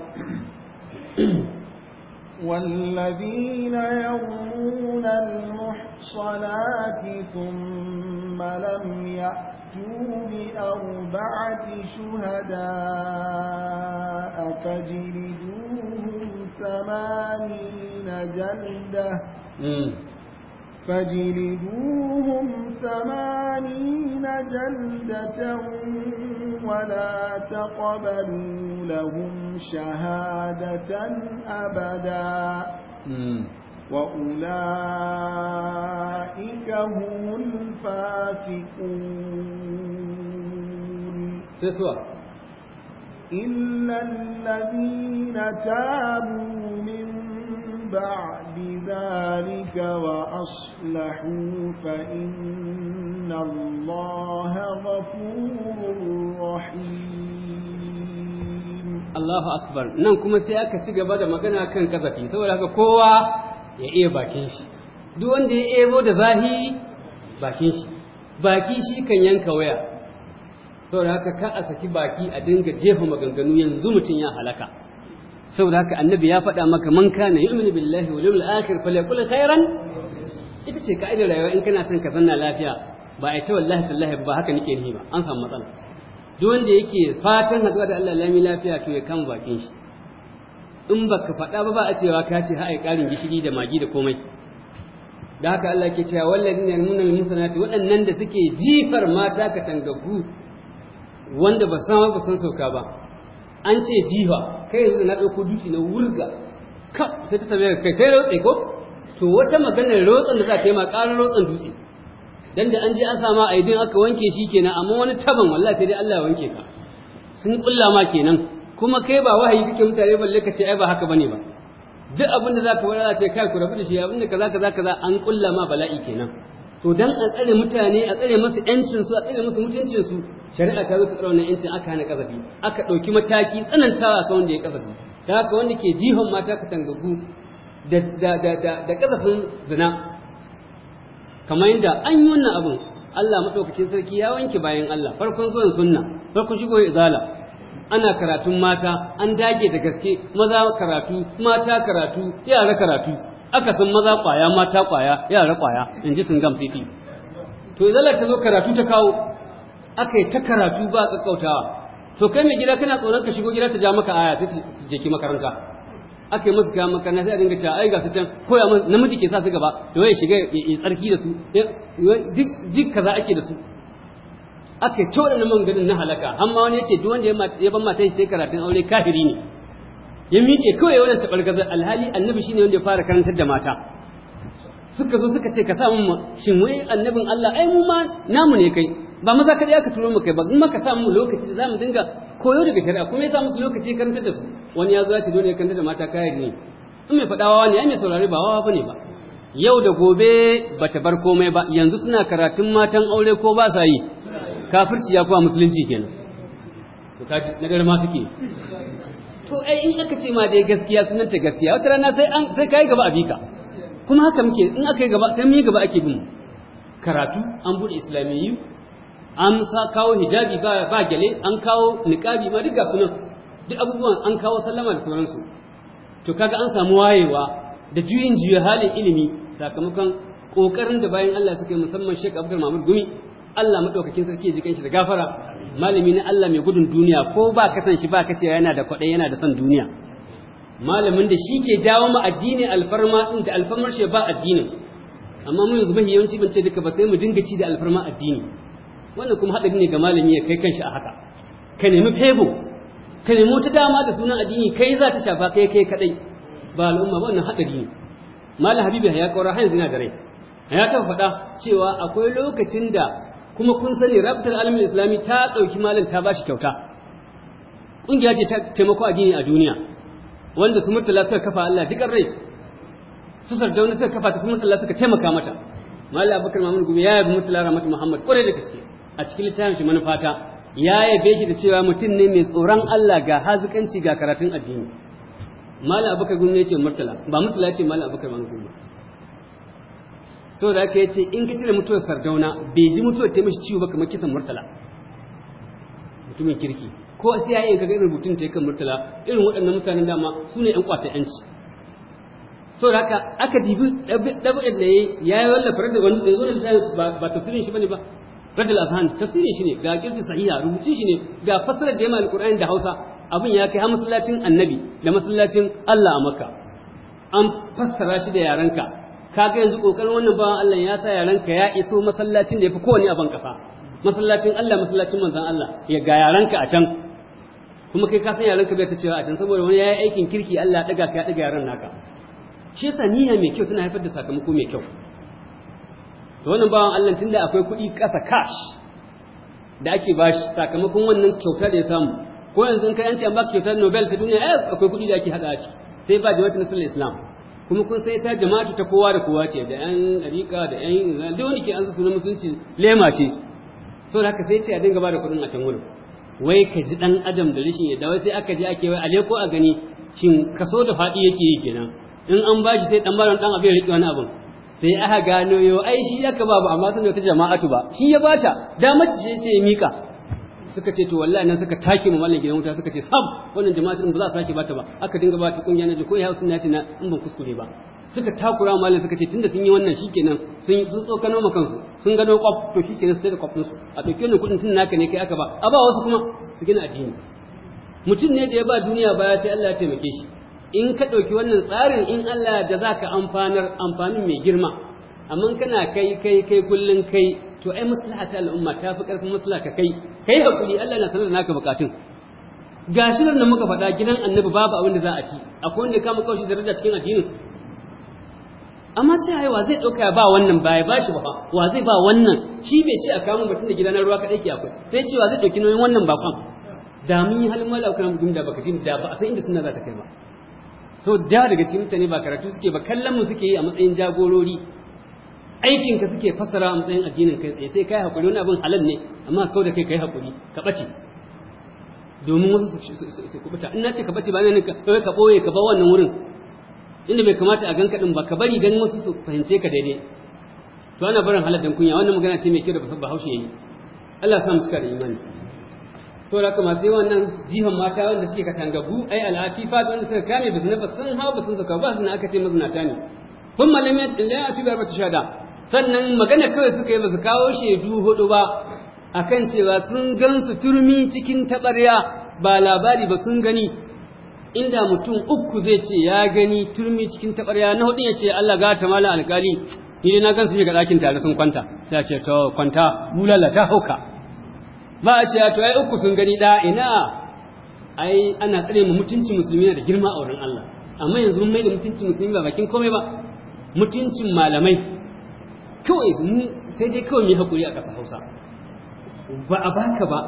والذين يرمون المحصنات ثم لم يأتوا فَأْتُوا بِأَرْبَعَةِ شُهَدَاءَ فَاجْلِدُوهُمْ ثَمَانِينَ جَلْدَةً فجلدوهم ثمانين جلده فجلدوهم ثمانين جلده ولا تقبلوا لهم شهادة أبدا وأولئك هم الفاسقون sai suwa inna lalina tabu min ba'di zalika wa aslahu fa inna allaha ghafurur rahim Allahu akbar nan kuma sai aka ci gaba da magana kan kazafi saboda haka kowa ya iya bakin shi duk wanda ya ebo da zahiri bakin shi baki shi kan yanka waya saboda haka ka a saki baki a dinga jefa maganganu yanzu mutum ya halaka saboda haka annabi ya faɗa maka man kana yu'minu billahi wal yawmil akhir falyaqul khairan ita ce ka'idar rayuwa in kana son ka zanna lafiya ba a ta wallahi lahi ba haka nake nima ba an samu matsala duk wanda yake fatan haɗuwa da Allah lami lafiya to ya kama bakin shi in baka faɗa ba ba a cewa ka ce ha'ai ƙarin gishiri da magi da komai da haka Allah ke cewa wallazina yarmuna al musanati waɗannan da suke jifar mata ka tangagu wanda ba sama ba san sauka ba an ce jiha kai yanzu na ɗauko dutse na wurga ka sai ta same kai sai rotse ko to wata maganar rotsan da za ta yi ma ƙarar dutse dan da an je an sama aidin aka wanke shi kenan amma wani taban wallahi sai dai Allah ya wanke ka sun kulla ma kenan kuma kai ba wahayi kake mutane balle ka ce ai ba haka bane ba duk abin da zaka wada ce kai ku rabu da shi abin da kaza kaza kaza an kulla ma bala'i kenan to dan a tsare mutane a tsare masu yancin su a tsare masu mutuncin su shari'a ta zo ta tsara wannan yancin aka hana kasafi aka ɗauki mataki tsanantawa akan wanda ya kasafi ta haka wanda ke jihon mata tangagu da da da da kasafin zina kamar yadda an yi wannan abin Allah maɗaukacin sarki ya wanke bayan Allah farkon zuwan sunna farkon shigo izala ana karatun mata an dage da gaske maza karatu mata karatu yara karatu akasin maza kwaya mata kwaya yara kwaya in ji sun fi to idan ta zo karatu ta kawo aka yi ta karatu ba kakkautawa to kai mai gida kana tsoron ka shigo gida ta ja maka aya ta ki makaranta aka yi musu ga makaranta sai a dinga cewa ai ga su can koya musu namiji ke sa su gaba to ya shiga ya tsarki da su duk kaza ake da su aka yi ta waɗannan maganganun na halaka amma wani ya ce duk wanda ya ban matan shi ta karatun aure kafiri ne ya miƙe kawai taɓar tabargaza alhali annabi shine wanda ya fara karantar da mata suka zo suka ce ka sa mu shin wai annabin Allah ai mu ma namu ne kai ba maza ka aka turo mu kai ba in maka sa mu lokaci za mu dinga koyo daga shari'a kuma ya sa musu lokaci karantar da su wani ya zo ya ce dole ya karantar da mata kayan ne in mai faɗawa wani ne ai mai saurari ba wawa bane ba yau da gobe ba ta bar komai ba yanzu suna karatun matan aure ko ba sa yi kafirci ya kuwa musulunci kenan na ma suke to ai in aka ce ma dai gaskiya sunan ta gaskiya wata rana sai an sai kai gaba a bika kuma haka muke in aka yi gaba sai mun yi gaba ake bin karatu an bude islamiyyu an sa kawo hijabi ba ba gele an kawo niqabi ma duk kuma duk abubuwan an kawo sallama da sauransu to kaga an samu wayewa da juyin juya halin ilimi sakamakon kokarin da bayan Allah suka yi musamman Sheikh Abdul Mahmud Gumi Allah madaukakin sarki ya ji kanshi da gafara malami na Allah mai gudun duniya ko ba ka san shi ba ka yana da kwaɗai yana da son duniya malamin da shi ke dawo ma addini alfarma din da alfarmar shi ba addinin amma mu yanzu mahi yawanci ban ce duka ba sai mu dinga ci da alfarma addini wannan kuma haɗari ne ga malami ya kai kanshi a haka ka nemi fego ka nemi wata dama da sunan addini kai za ta shafa kai kai kaɗai ba al'umma ba wannan haɗari ne malam habibu ya kaura har yanzu na da rai ya taɓa faɗa cewa akwai lokacin da kuma kun sani rabtar alamin islami ta ɗauki malin ta bashi kyauta ƙungiya ce ta taimako a gini a duniya wanda su murtala suka kafa Allah dukkan rai su sardauna suka kafa ta su murtala suka taimaka mata mallam abubakar mamun gumi ya yabi murtala rahmatu muhammad ƙwarai da gaske a cikin littafin shi manufata ya yabe shi da cewa mutum ne mai tsoron Allah ga hazikanci ga karatun addini mallam abubakar gumi ya ce murtala ba murtala ce mallam abubakar mamun gumi so da aka ce, in ka da mutuwar sardauna bai ji mutuwar ta mishi ciwo ba kamar kisan murtala mutumin kirki ko sai ya yi kaga irin rubutun ta kan murtala irin waɗannan mutanen dama su ne 'yan kwata 'yanci so da haka aka dibi ɗabi'ar da ya yi wallafa Rada wani zai da ba tafsirin shi bane ba Rada azhan tafsirin shi ne ga kirki sahiha rubutun shi ne ga fassarar da ya ma alƙur'ani da hausa abin ya kai har masallacin annabi da masallacin allah a makka an fassara shi da yarenka Ka ga yanzu kokarin wannan bawan Allah ya sa yaranka ya iso masallacin da yafi kowane a ban kasa masallacin Allah masallacin manzon Allah ya ga yaranka a can kuma kai ka san yaranka bai ta cewa a can saboda wani yayi aikin kirki Allah ya daga ka ya daga yaran naka shi yasa niyya mai kyau tana haifar da sakamako mai kyau to wannan bawan Allah tunda akwai kuɗi kasa cash da ake bashi sakamakon wannan kyauta da ya samu ko yanzu in ka yanci an baka kyautar Nobel ta duniya eh akwai kuɗi da ake hada shi sai ba jama'atin Islam kuma kun sai ta jama'atu ta kowa da kowa ce da yan dariƙa da yan da wani ke an sunan musulunci lema ce so da haka sai ce a dinga ba da kuɗin a can wurin wai ka ji ɗan adam da rashin yadda wai sai aka je ake wai ale ko a gani shin kaso da faɗi yake yi kenan in an ba shi sai ɗan baron ɗan abin riƙe wani abin sai aka gano yau ai shi aka ba ba amma sun ta jama'atu ba shi ya bata damar ce ce mika suka ce to wallahi nan suka take mu mallan gidan wuta suka ce sab wannan jama'a din ba za su sake bata ba aka dinga ba ta kungiya na ji ko ya sun nace na in ban kuskure ba suka takura mallan suka ce tunda sun yi wannan shikenan sun sun tsokano ma kansu sun gano kwaf to shikenan sai da kwaf su a dauke ne kudin tun naka ne kai aka ba a ba wasu kuma su gina addini mutum ne da ya ba duniya baya sai Allah ya taimake shi in ka ɗauki wannan tsarin in Allah da za ka amfanar amfanin mai girma amma kana kai kai kai kullum kai to ai maslaha ta al'umma ta fi ƙarfin maslaha ka kai kai hakuri Allah na sanar da naka bukatun gashi nan da muka faɗa gidan annabi babu abin da za a ci akwai wanda ya kama kaushi daraja cikin addinin amma ce ai wa zai ɗauka ba wannan baya ba shi ba wa zai ba wannan shi bai ce a kama batun da gidan ruwa kaɗai ke akwai sai ce wa zai ɗauki nauyin wannan bakon da mun yi halin mala kan da baka ji da ba a san inda suna za ta kai ba so da daga cikin mutane ba karatu suke ba kallon mu suke yi a matsayin jagorori aikin ka suke fassara a matsayin addinin kai tsaye sai kai hakuri wani abin halal ne amma kau da kai kai hakuri ka bace domin wasu su kubuta in nace ka bace ba ne ka boye ka ba wannan wurin inda bai kamata a ganka din ba ka bari ganin wasu su fahimce ka daidai to ana barin halal dan kunya wannan magana ce mai kyau da ba bahaushe yayi Allah ya sa mu cika da imani to da kuma sai wannan jihar mata wanda suke katangabu ai al'afifa wanda suka kame bisu na sun hawa sun zaka, ba sun aka ce mazinata ne ثم لم da ya fi sannan magana kawai suka yi ba su kawo shaidu hudu ba a kan cewa sun gansu turmi cikin taɓarya ba labari ba sun gani inda mutum uku zai ce ya gani turmi cikin taɓarya na hudu ya ce Allah ga ta mala alƙali ni dai na gan su shiga ɗakin tare sun kwanta sai ce to kwanta bulala ta hauka ba a ce to ai uku sun gani da ina ai ana tsare mu mutunci musulmi da girma a wurin Allah amma yanzu mun mai da mutunci musulmi ba bakin komai ba mutuncin malamai kawai mu sai dai kawai mu yi hakuri a ƙasar Hausa ba a baka ba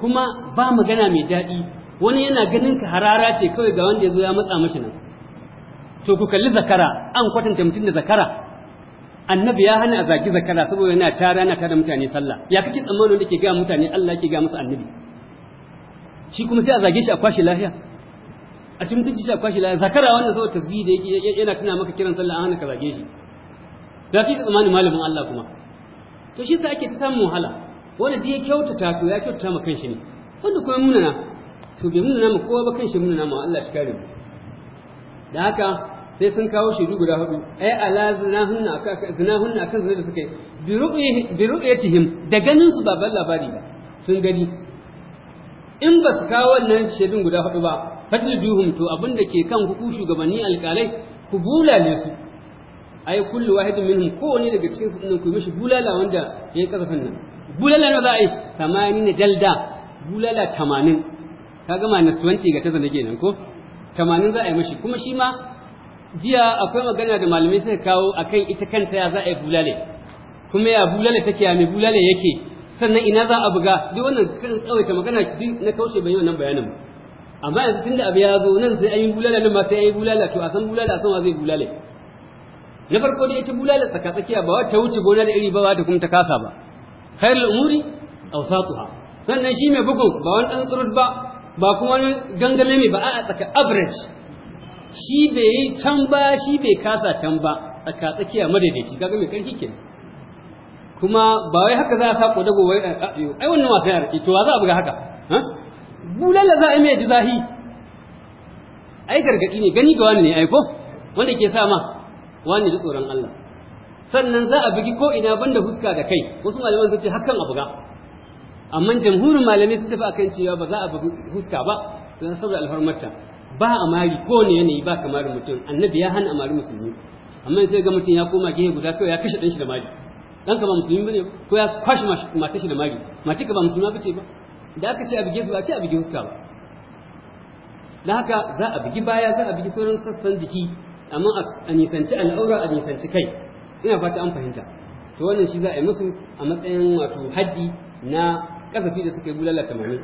kuma ba magana mai daɗi wani yana ganin ka harara ce kawai ga wanda ya zo ya matsa mashi nan to ku kalli zakara an kwatanta mutum da zakara annabi ya hana a zagi zakara saboda yana cara yana tara mutane sallah ya kake tsammanin wanda ke ga mutane Allah ke ga masa annabi shi kuma sai a zage shi a kwashe lafiya a cikin mutunci shi a kwashe lafiya zakara wanda zo tasbihi da yake yana tuna maka kiran sallah an hana ka zage shi da fi tsammanin malamin Allah kuma to shi sa ake ta samun wahala wanda ji ya kyautata to ya kyautata ma kanshi ne wanda kuma munana to bai munana ma kowa ba kanshi munana ma Allah shi kare mu da haka sai sun kawo shaidu guda hudu ai ala zinahunna akan zinahunna akan zina da suka yi bi ru'yatihim da ganin su baban labari ba sun gani in ba su kawo wannan shaidun guda hudu ba fatiluhum to abinda ke kan hukushu gabanin alkalai ku bulale su ai kullu wahidin minhum ne daga cikin su dinnan ku mishi bulala wanda ya yi kasafin nan bulala ne za a yi tamanin na dalda bulala tamanin ka gama na suwanci ga tazana kenan ko tamanin za a yi mishi kuma shi ma jiya akwai magana da malamai suka kawo akan ita kanta ya za a yi bulale kuma ya bulale take ya mai bulale yake sannan ina za a buga duk wannan kan tsawaita magana duk na kaushe ban yi wannan bayanin amma yanzu tunda abu ya zo nan sai an yi bulala nan ma sai an yi bulala to a san bulala a san wa zai bulale na farko dai ita bulala tsaka tsakiya ba ta wuce gona da iri ba ba ta kuma ta kasa ba khairul umuri awsatuha sannan shi mai bugun ba wani dan tsurut ba ba kuma wani gangame mai ba a tsaka average shi bai yi can ba shi bai kasa can ba tsaka tsakiya madaidaici kaga mai karfi ke kuma ba wai haka za a sako dago wai ai wannan wasan yarki to za a buga haka bulala za a yi mai ji zahi ai gargaɗi ne gani ga wani ne ai ko wanda ke sa ma wani ji tsoron Allah sannan za a bugi ko ina banda huska da kai wasu malaman sun ce hakan a buga amma jamhurin malamai sun tafi akan cewa ba za a bugi huska ba don saboda alfarmarta ba a mari ko ne yanayi ba kamar mutum annabi ya hana mari musulmi amma sai ga mutum ya koma gehe guda kawai ya kashe dan shi da mari dan ka ba musulmi bane ko ya kwashi mata shi da mari mace ka ba musulma ce ba da aka ce a bugi su ba ce a bugi huska ba da haka za a bugi baya za a bugi sauran sassan jiki amma a nisanci al'aura a nisanci kai ina fata an fahimta to wannan shi za a yi musu a matsayin wato haddi na kasafi da suka yi bulala tamanin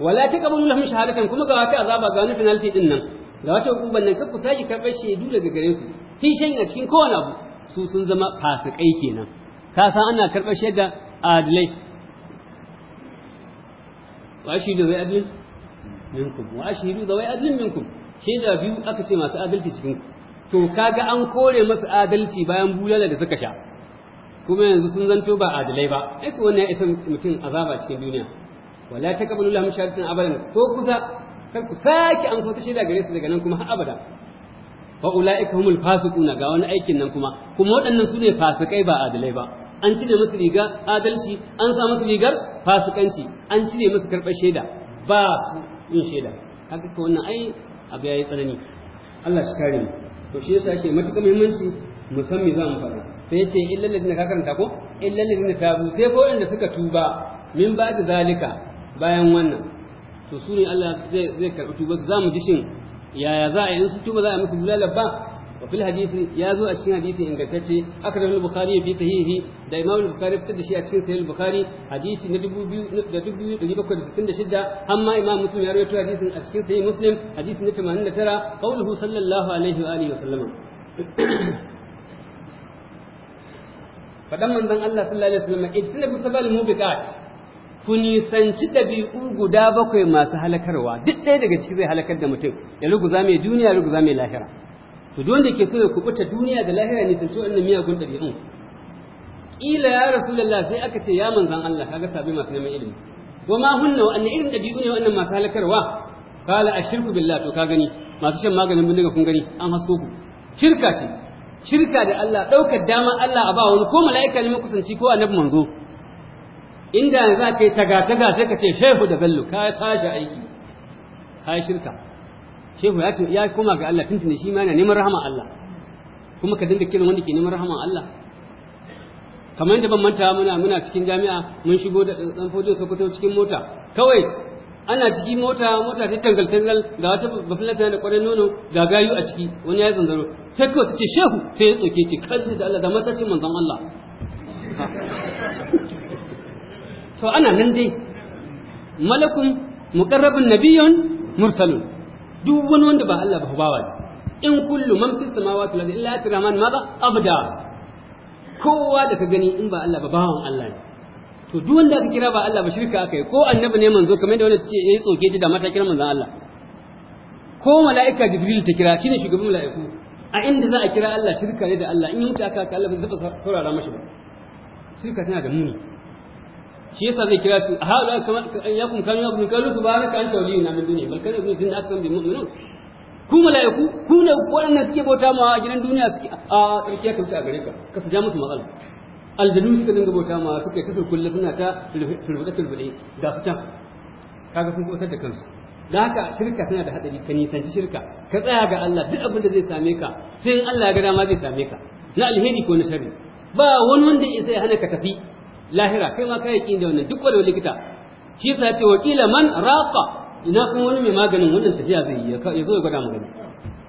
wala ta kabalu lahum shahadatan kuma ga wata azaba ga wani penalty din nan ga wata hukuban nan kakku sake karɓar shaidu daga gare su shi shan a cikin kowane abu su sun zama fasikai kenan ka san ana karɓar shaida adilai wa zai adilin minkum wa ashidu da wai adlin minkum shaida biyu aka ce masu adalci cikin ku to kaga an kore masu adalci bayan bulala da suka sha kuma yanzu sun zanto ba adalai ba ai ko wannan ya isa mutum azaba cikin duniya wala kabulu lahum shahadatan abadan ko kusa kar ku saki so ta shaida gare su daga nan kuma har abada wa ulaika humul fasiquna ga wani aikin nan kuma kuma waɗannan su ne fasikai ba adalai ba an cire musu riga adalci an sa musu rigar fasikanci an cire musu karɓar shaida ba su yin shaida haka ko wannan ai abu yayi tsanani Allah shi kare mu to shi yasa yake matuƙar muhimmanci mu san me za mu faɗa sai yace illal ladina ka karanta ko illal ladina tabu sai ko inda suka tuba min ba da zalika bayan wannan to su Allah zai karɓi tuba su za mu ji shin yaya za a yi in su tuba za a yi musu bulalar ba وفي الحديث hadisi ya zo a cikin hadisi ingantacce akram al-bukhari bi البخاري da imam al-bukhari fitar da shi a cikin sahih al-bukhari hadisi na 2766 amma imam muslim ya حديث hadisin a cikin حديث hadisi na 89 qawluhu sallallahu alaihi wa alihi wa sallam fadan manzon Allah sallallahu wa sallam ijtinabu ku nisanci ɗabi'u guda bakwai masu halakarwa duk ɗaya daga ciki zai halakar da mutum ya ruguza mai duniya ruguza mai lahira to duk wanda ke so ya kubuta duniya da lahira ne tantu wannan miyagun ɗari'un. ƙila ya rasulullah sai aka ce ya manzan Allah kaga sabi masu neman ilimi wa ma hunna wa anna irin dabi'u ne wannan masu halakarwa kala ashirku billah to ka gani masu shan maganin bindiga kun gani an hasko ku shirka ce shirka da Allah ɗaukar dama Allah a ba wani ko mala'ika ne makusanci ko annabi manzo inda za ka yi taga-taga sai ka ce shehu da bello ka tashi aiki ka yi shirka shehu ya koma ga Allah tuntuni shi ma yana neman rahama Allah kuma ka dinga kiran wanda ke neman rahama Allah kamar yadda ban manta muna muna cikin jami'a mun shigo da dan fojo Sokoto cikin mota kawai ana ciki mota mota ta tangal tangal ga wata bafilata da kwarin nono ga gayu a ciki wani ya zanzaro sai kawai ce shehu sai ya tsoke ce kalli da Allah da matacin manzon Allah to ana nan dai malakun muqarrabun nabiyyun mursalun duk wani wanda ba Allah ba bawa ne in kullu man fi samawati wal ardi illa ati ma ba abda kowa da ka gani in ba Allah ba bawan Allah ne to duk wanda aka kira ba Allah ba shirka aka yi ko annabi ne manzo kamar da wanda ce yayi tsoke ji da mata kira manzo Allah ko mala'ika jibril ta kira shine shugaban mala'iku a inda za a kira Allah shirka ne da Allah in yi wuta aka Allah ba zai saurara mashi ba shirka tana da muni shi yasa zai kira su hada yakum kanu yabun kalu kan anta na min duniya bal kana ibnu jinna akram bil mu'minun ku mala'iku ku ne wannan suke bauta ma a gidan duniya suke a tsarki ya ta a gare ka ka su ja musu matsal aljanu suka dinga bauta ma suke ta kullu suna ta turbuɗe turbuɗe ga su can kaga sun kubutar da kansu da haka shirka tana da hadari ka nisanci shirka ka tsaya ga Allah duk abin da zai same ka sai in Allah ya ga dama zai same ka na alheri ko na shari ba wani wanda ya sai hana ka tafi lahira kai ma kai da wannan duk wani likita shi sa ce kila man raqa ina kuma wani mai maganin wannan tafiya zai yi ya zo ya gwada magani.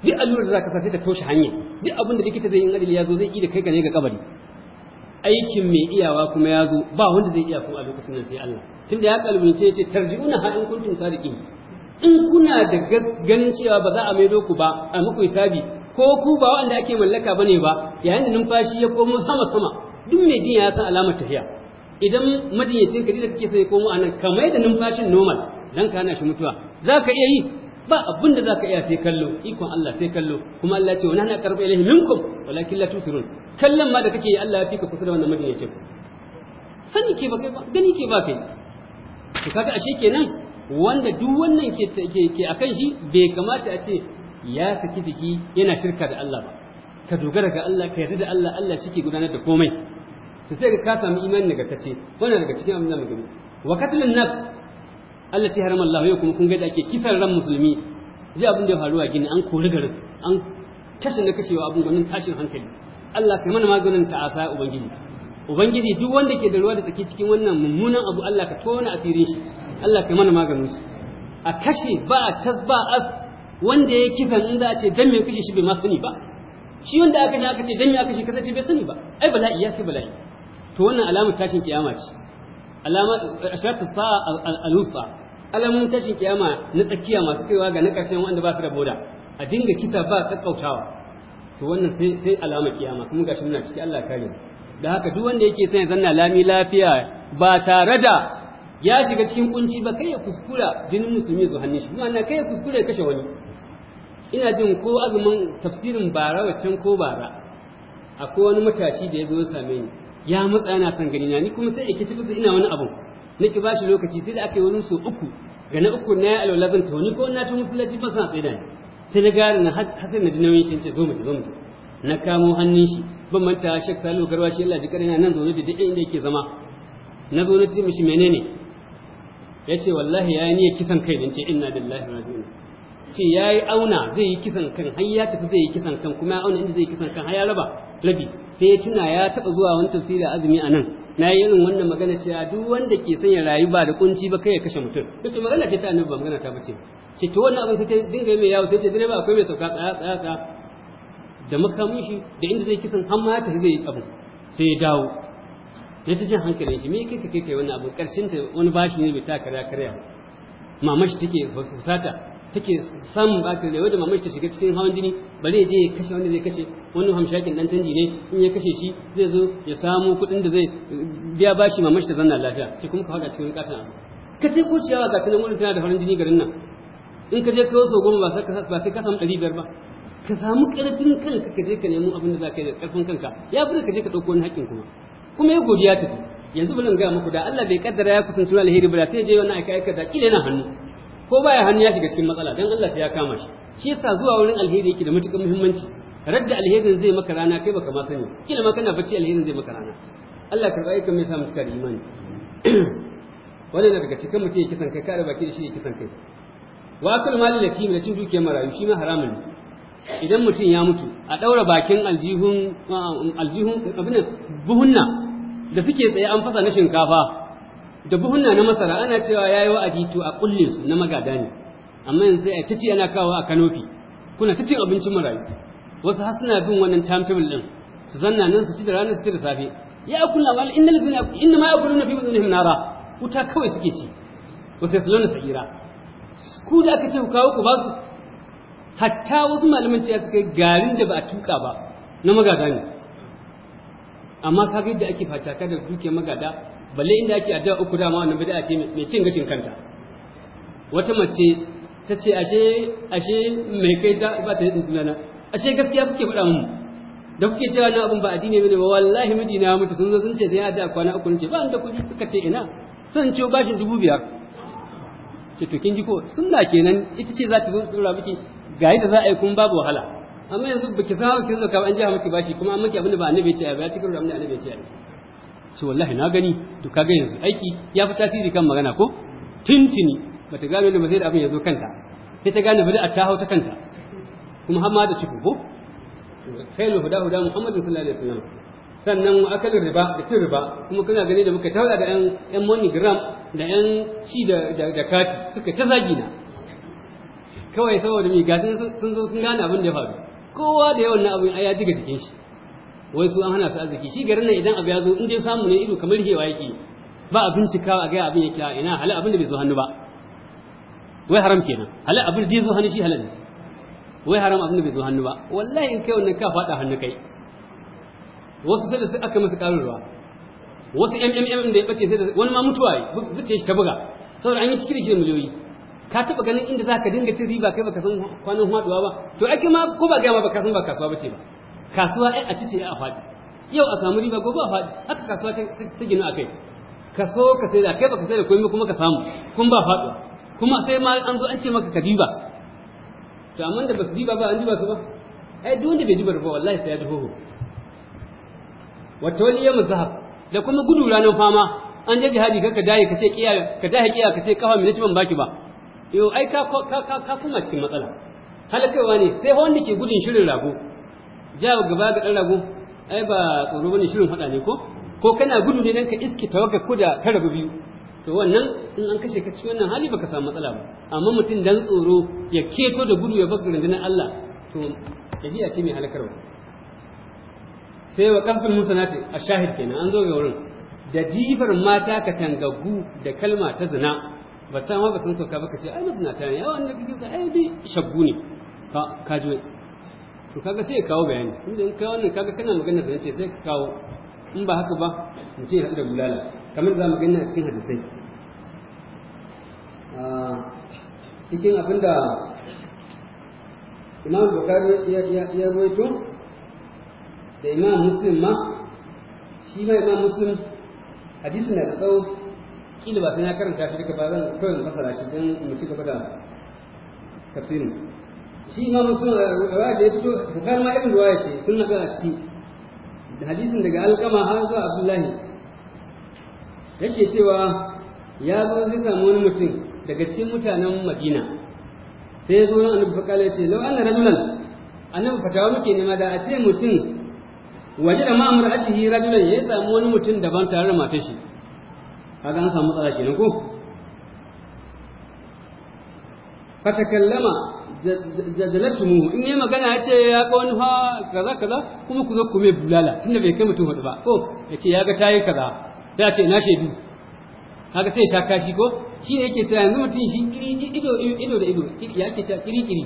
gani duk da zaka sai ta toshe hanya duk abin da likita zai yi in adali ya zo zai yi da kai gane ga kabari aikin mai iyawa kuma ya zo ba wanda zai iya kuma a lokacin nan sai Allah tunda ya kalbince yace tarji'una ha in kuntum sadiqin in kuna da ganin cewa ba za a maido ku ba a muku hisabi ko ku ba wanda ake mallaka bane ba yayin da numfashi ya komo sama sama duk mai jin ya san alamar tafiya idan majinyacin ka da kake sai komo anan ka mai da numfashin normal dan ka hana shi mutuwa zaka iya yi ba abin da zaka iya sai kallo ikon Allah sai kallo kuma Allah ce wa nana qarbu ilayhi minkum walakin la tusirun kallon ma da kake yi Allah ya fika kusa da wannan majinyacin sani ke ba kai ba gani ke ba kai to kaga ashe kenan wanda duk wannan ke ke akan shi bai kamata a ce ya saki jiki yana shirka da Allah ba ka dogara ga Allah ka yarda da Allah Allah shi ke gudanar da komai to sai ka samu imani nagartacce wannan daga cikin abin da muke wa qatlun nafs allati haram Allah yau kuma kun ga da ake kisan ran musulmi ji abin da ya faru a gini an kori garin an kashe na kashewa abin gwanin tashin hankali Allah kai mana maganin ta'asa ubangiji ubangiji duk wanda ke da ruwa da tsaki cikin wannan mummunan abu Allah ka tona asirin shi Allah kai mana maganin su a kashe ba a tas ba as wanda ya kisan in za a ce dan me kashe shi bai ma sani ba shi wanda aka ne aka ce dan me aka shi kasance bai sani ba ai bala'i ya ce bala'i to wannan alamar tashin kiyama ce alama ashatu sa'a al-wusta alamun tashin kiyama na tsakiya masu kaiwa ga na ƙarshen wanda ba su da boda a dinga kisa ba kakkautawa to wannan sai sai alamar kiyama kuma gashi muna ciki Allah kare da haka duk wanda yake son ya zanna lami lafiya ba tare da ya shiga cikin kunci ba kai ya kuskura jinin musulmi zuwa hannun shi kuma kai ya kuskura ya kashe wani ina jin ko azumin tafsirin bara wacce ko bara akwai wani matashi da ya zo ya same ni ya matsa yana son gani na ni kuma sai ake cikin ina wani abu na ki shi lokaci sai da aka yi wani so uku ga na uku na ya alwala zan tauni ko na tun musulunci ba sa tsaye ni sai na gari na hasan na ji nauyin shi ce zo mu zo mu na kamo hannun shi ban manta shek salu garwa shi Allah ji na nan zaune da duk inda yake zama na zo na ce mishi menene ya ce wallahi ya yi kisan kai dan ce inna lillahi wa inna ce ya yi auna zai yi kisan kan har ya tafi zai yi kisan kan kuma ya auna inda zai yi kisan kan har ya raba rabi sai ya tuna ya taɓa zuwa wani tafsirin azumi a nan na yi irin wannan magana cewa duk wanda ke sanya rayu ba da kunci ba kai ya kashe mutum yace magana ce ta annabi ba magana ta bace ce to wannan abin sai dinga yi mai yawo sai ce direba akwai mai sauka tsaya tsaya tsaya da makamin shi da inda zai kisan har ma ta zai yi abu sai ya dawo ya ta jin hankalin shi me kai ka kai kai wannan abin karshen ta wani bashi ne bai ta karya karya mamashi take fusata take samun bacin rai wanda mamashi ta shiga cikin hawan jini bare je ya kashe wanda zai kashe wani hamshakin dan canji ne in ya kashe shi zai zo ya samu kuɗin da zai biya bashi mamashi ta zanna lafiya ce kuma ka hada cikin katon ka ce ko ciyawa ga kanan wurin tana da farin jini garin nan in ka je ka so goma ba sai ka samu ɗari biyar ba ka samu ƙarfin kanka ka je ka nemo abin da za ka yi da ƙarfin kanka ya fi ka je ka ɗauko wani haƙƙin kuma kuma ya godiya tafi yanzu bulan gaya muku da Allah bai kaddara ya kusanci alheri ba sai ya je wani aika aika da ƙila yana hannu ko baya hannu ya shiga cikin matsala dan Allah sai ya kama shi shi yasa zuwa wurin alheri yake da matukar muhimmanci radda alherin zai maka rana kai baka ma sani kila ma kana bacci alherin zai maka rana Allah karba yake mai sa muskar imani wannan da daga cikin mutum ya kisan kai kare baki da shi ya kisan kai wa akal mal lati da lati dukiyar marayu shi ma haramun ne idan mutum ya mutu a daura bakin aljihun aljihun abin buhunna da suke tsaye an fasa na shinkafa da buhunna na masara ana cewa yi wa'adi to a kullinsu su na magada ne amma yanzu sai ta ce ana kawo a kanofi kuna ta cin abincin marayu wasu har suna bin wannan timetable din su zanna nan su ci da ranar su ci da safe ya akulla wal innal ladina inna ma yakuluna fi budunihim nara wuta kawai suke ci wasu lona sa'ira ku da aka ce ku kawo ku ba su hatta wasu malaman ce suka garin da ba a tuka ba na magada ne amma kaga yadda ake fata kada duke magada balle inda ake addu'a uku dama wannan bid'a ce mai cin gashin kanta wata mace ta ce ashe ashe mai kai da ba ta yi sunana ashe gaskiya kuke faɗa mun da kuke cewa na abun ba addini bane ba wallahi miji na mutu sun zo sun ce sai ya da kwana uku ne ce ba da kuɗi suka ce ina sun ba shi dubu biyar ce to kin ji ko sunna kenan ita ce za ta zo tsura miki ga yadda za a yi kun babu wahala amma yanzu baki san haka kin zo ka an ji miki bashi kuma an miki abin da ba annabi ya ce ba ya cikin da annabi ya ce su wallahi na gani to kaga yanzu aiki ya fi tasiri kan magana ko tintini bata gano ne ba da abin ya zo kanta sai ta gane bid'a ta hauta kanta kuma har ma da ciko ko khairul huda huda muhammadin sallallahu alaihi wasallam sannan akalin riba da cin riba kuma kana gani da muka taula da yan yan monogram da yan ci da da kati suka ta zagi na kawai saboda mai gasin sun zo sun gane abin da ya faru kowa da yawan na abin ya ji ga jikin shi wai su an hana su arziki shi garin nan idan abu ya zo in dai samu ne ido kamar hewa yake ba a bincikawa a ga abin yake ina hala abin da bai zo hannu ba wai haram kenan hala abin da zo hannu shi halal ne wai haram abin da bai zo hannu ba wallahi in kai wannan ka faɗa hannu kai wasu sai da su aka masa ƙarin ruwa wasu mmm da ya bace sai da wani ma mutuwa yi bace shi ta buga saboda an yi cikin shi da miliyoyi ka taɓa ganin inda za ka dinga cin riba kai baka san kwanan haɗuwa ba to ake ma ko ba gaya ma baka san ba kasuwa bace ba kasuwa ai a cice a faɗi yau a samu riba gobe a faɗi haka kasuwa ta gina a kai ka so ka sai da kai baka sai da komai kuma ka samu kun ba faɗuwa kuma sai ma an zo an ce maka ka diba to amma da basu diba ba an diba su ba ai duk wanda bai diba ba wallahi sai ya ji hoho wa tawliyamu zahab da kuma gudu ranar fama an je jihadi ka dahi ka ce kiya ka dahi kiya ka ce kafa mai ban baki ba yo ai ka ka ka kuma cikin matsala halakaiwa ne sai wanda ke gudun shirin rago jawo gaba ga ɗan rago ai ba tsoro bane shirin faɗa ne ko ko kana gudu ne dan ka iske ta ko da ka rabu biyu to wannan in an kashe ka cikin wannan hali baka samu matsala ba amma mutum dan tsoro ya keto da gudu ya baka rundunar Allah to tabi'a ce mai halakarwa sai wa kafin musanati a shahid kenan an zo ga wurin da jifar mata ka tangagu da kalma ta zina ba san ma ba san sauka ba ka ce ai ta ne yawan da kike sa ai bi shaggu ne ka ka to kaga sai ya kawo bayani inda in kawo wannan kaga kana magana da yace sai ka kawo in ba haka ba mutum ya da bulala kamar za mu gani a cikin hadisai ah, cikin abin da imam bukari ya rawaito da imam muslim ma shi ma imam muslim hadisin na da tsawo kila ba sai ya karanta shi duka ba zan kawai fasara shi don mu ci gaba da tafsirin shi ma mun suna ruwaya da ya fito bukari ma irin ruwaya ce sun nasu a ciki da hadisin daga alkama har zuwa abdullahi yake cewa ya zo zai samu wani mutum daga cikin mutanen madina sai ya zo nan annabi fakala ya ce lau anna rajulan annabi fatawa muke nema da a ce mutum waje da ma'amur ajihi rajulan ya samu wani mutum daban tare da matashi shi kaga an samu matsala kenan ko fatakallama jadalatumuhu in yi magana ya ce ya ga wani fa kaza kaza kuma ku zo ku mai bulala tunda bai kai mutum hudu ba ko oh, ya ce ya ga tayi kaza da ce na shaidu haka sai ya sha kashi ko shi ne yake cewa yanzu mutum shi ido ido da ido ya ke cewa kiri kiri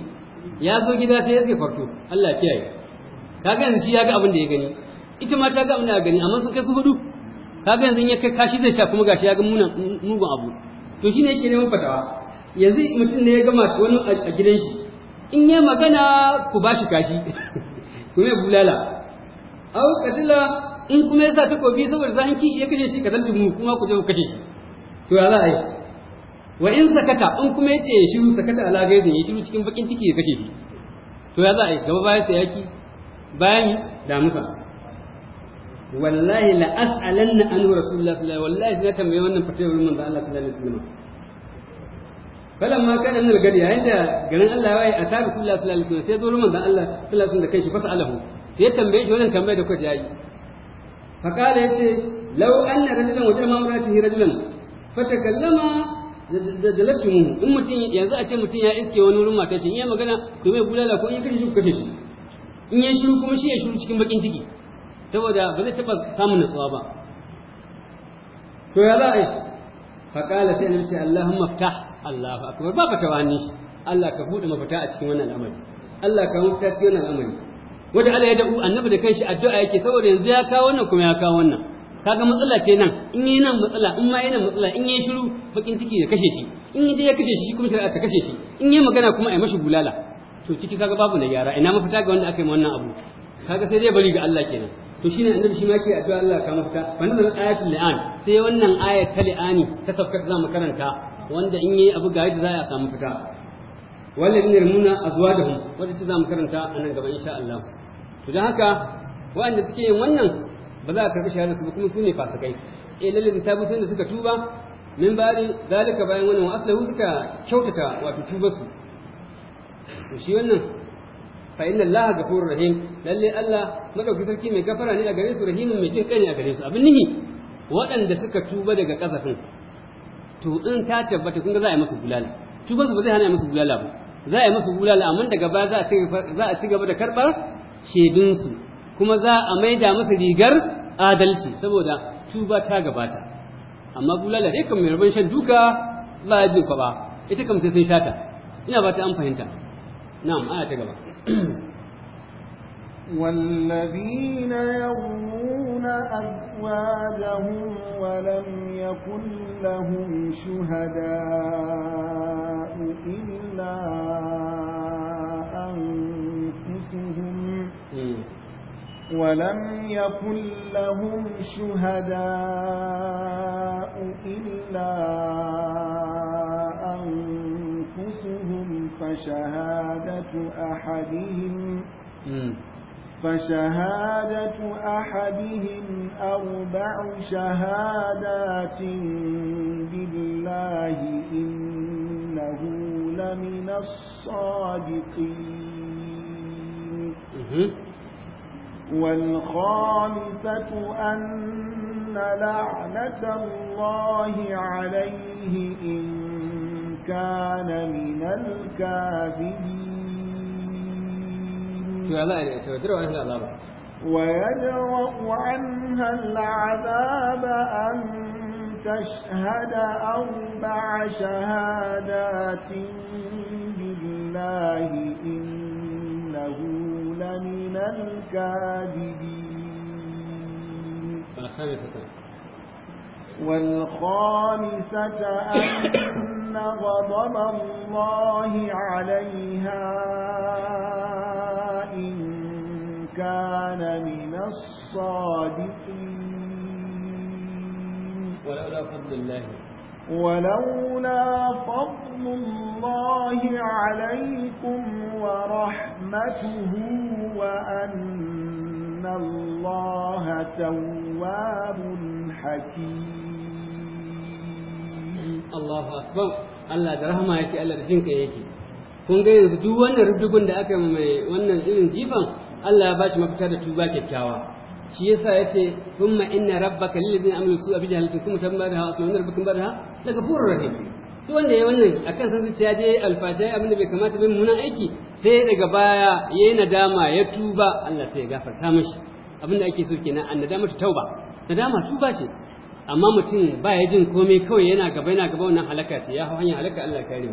ya zo gida sai ya suke farko Allah ya kiyaye kaga yanzu shi ya ga abin da ya gani ita ma ta ga abin da ya gani amma sun kai su hudu kaga yanzu in ya kai kashi zai sha kuma gashi ya ga mugun abu to shi ne yake neman fatawa yanzu mutum ne ya gama wani a gidan shi in yi magana ku ba shi kashi ku mai bulala au katila in kuma ya sa takobi saboda zan kishi ya kashe shi ka zalta mu kuma ku je ku kashe shi to ya za a yi wa in sakata in kuma ya ce ya shiru sakata ala gaizin ya shiru cikin bakin ciki ya kashe shi to ya za a yi gaba bayan sa yaki bayan damuka wallahi la as'alanna an rasulullah sallallahu alaihi wallahi sai tambaye wannan wurin manzo Allah sallallahu alaihi wasallam falan ma kana nan gari yayin da garin Allah ya waye a tabi sallallahu alaihi wasallam sai zo ruman da Allah sallallahu alaihi wasallam da kanshi fasa alahu sai ya tambaye shi wannan tambayar da kwaje yayi fa kala yace law anna rajulan wajala mamratihi rajulan fatakallama zajalatu in mutum yanzu a ce mutum ya iske wani wurin matar shi in ya magana ku mai bulala ko in ya kashe shi kashe shi in ya shiru kuma shi ya shiru cikin bakin ciki saboda ba zai taɓa samun nutsuwa ba to ya za a yi fa sai na annabi Allahumma ftah Allahu akbar ba fata wani Allah ka bude mafita a cikin wannan al'amari Allah ka mafita cikin wannan al'amari wanda Allah ya da'u annabi da kanshi addu'a yake saboda yanzu ya kawo wannan kuma ya kawo wannan kaga matsala ce nan in yi nan matsala in ma yi nan matsala in yi shiru bakin ciki ya kashe shi in yi ya kashe shi kuma shari'a ta kashe shi in yi magana kuma a yi mashi bulala to ciki kaga babu na gyara ina mafita ga wanda aka yi wannan abu kaga sai dai bari ga Allah kenan to shine annabi shi ma yake addu'a Allah ka mafita wannan ayatul li'an sai wannan ayatul li'ani ta tafkar zamu karanta wanda in yi abu ga yadda za a samu fita a zuwa azwajahum wanda za mu karanta a nan gaba insha Allah to dan haka waɗanda suke yin wannan ba za a karɓi shahararsu su ba kuma su ne fasikai eh lalle da tabu da suka tuba min bari zalika bayan wannan wa aslahu suka kyautata wato tubar su to shi wannan fa inna Allah ghafurur rahim lalle Allah madauki sarki mai gafara ne a gare su rahimin mai cin kai a gare su abin nihi waɗanda suka tuba daga kasafin to in ta tabbata kun ga za a yi musu bulala tubansu ba zai hana musu bulala ba za a yi musu bulala amma daga ba za a ci gaba da karɓar shaidun su kuma za a maida musu rigar adalci saboda tuba ta gabata amma bulala dai kamar rabon shan duka ba ya bin ba ita kam sai sun shata ina ba ta an fahimta na'am aya ta gaba والذين يرمون أزواجهم ولم يكن لهم شهداء إلا أنفسهم ولم يكن لهم شهداء إلا أنفسهم فشهادة أحدهم فشهادة أحدهم أربع شهادات بالله إنه لمن الصادقين والخامسة أن لعنة الله عليه إن كان من الكاذبين ويجرؤ عنها العذاب أن تشهد أربع شهادات بالله إنه لمن الكاذبين والخامسة أن غضب الله عليها إن كان من الصادقين ولولا فضل الله ولولا فضل الله عليكم ورحمته وأن إن الله تواب حكيم الله أكبر الله درهما يكي الله رجنك يكي kun ga yanzu duk wannan rubdugun da aka mai wannan irin jifan Allah ya bashi mafita da tuba kyakkyawa shi yasa yace thumma inna rabbaka lil ladina amilu su'a bi jahalatin kuma tamma da hawa sunan rabbikum barha la duk wanda ya wannan akan san zuciya je alfasha ya abinda bai kamata bin mummunan aiki sai daga baya ya yi nadama ya tuba Allah sai ya gafarta mashi abinda ake so kenan an nadama ta tauba nadama tuba ce amma mutum ba ya jin komai kawai yana gaba yana gaba wannan halaka ce ya hanya halaka Allah kare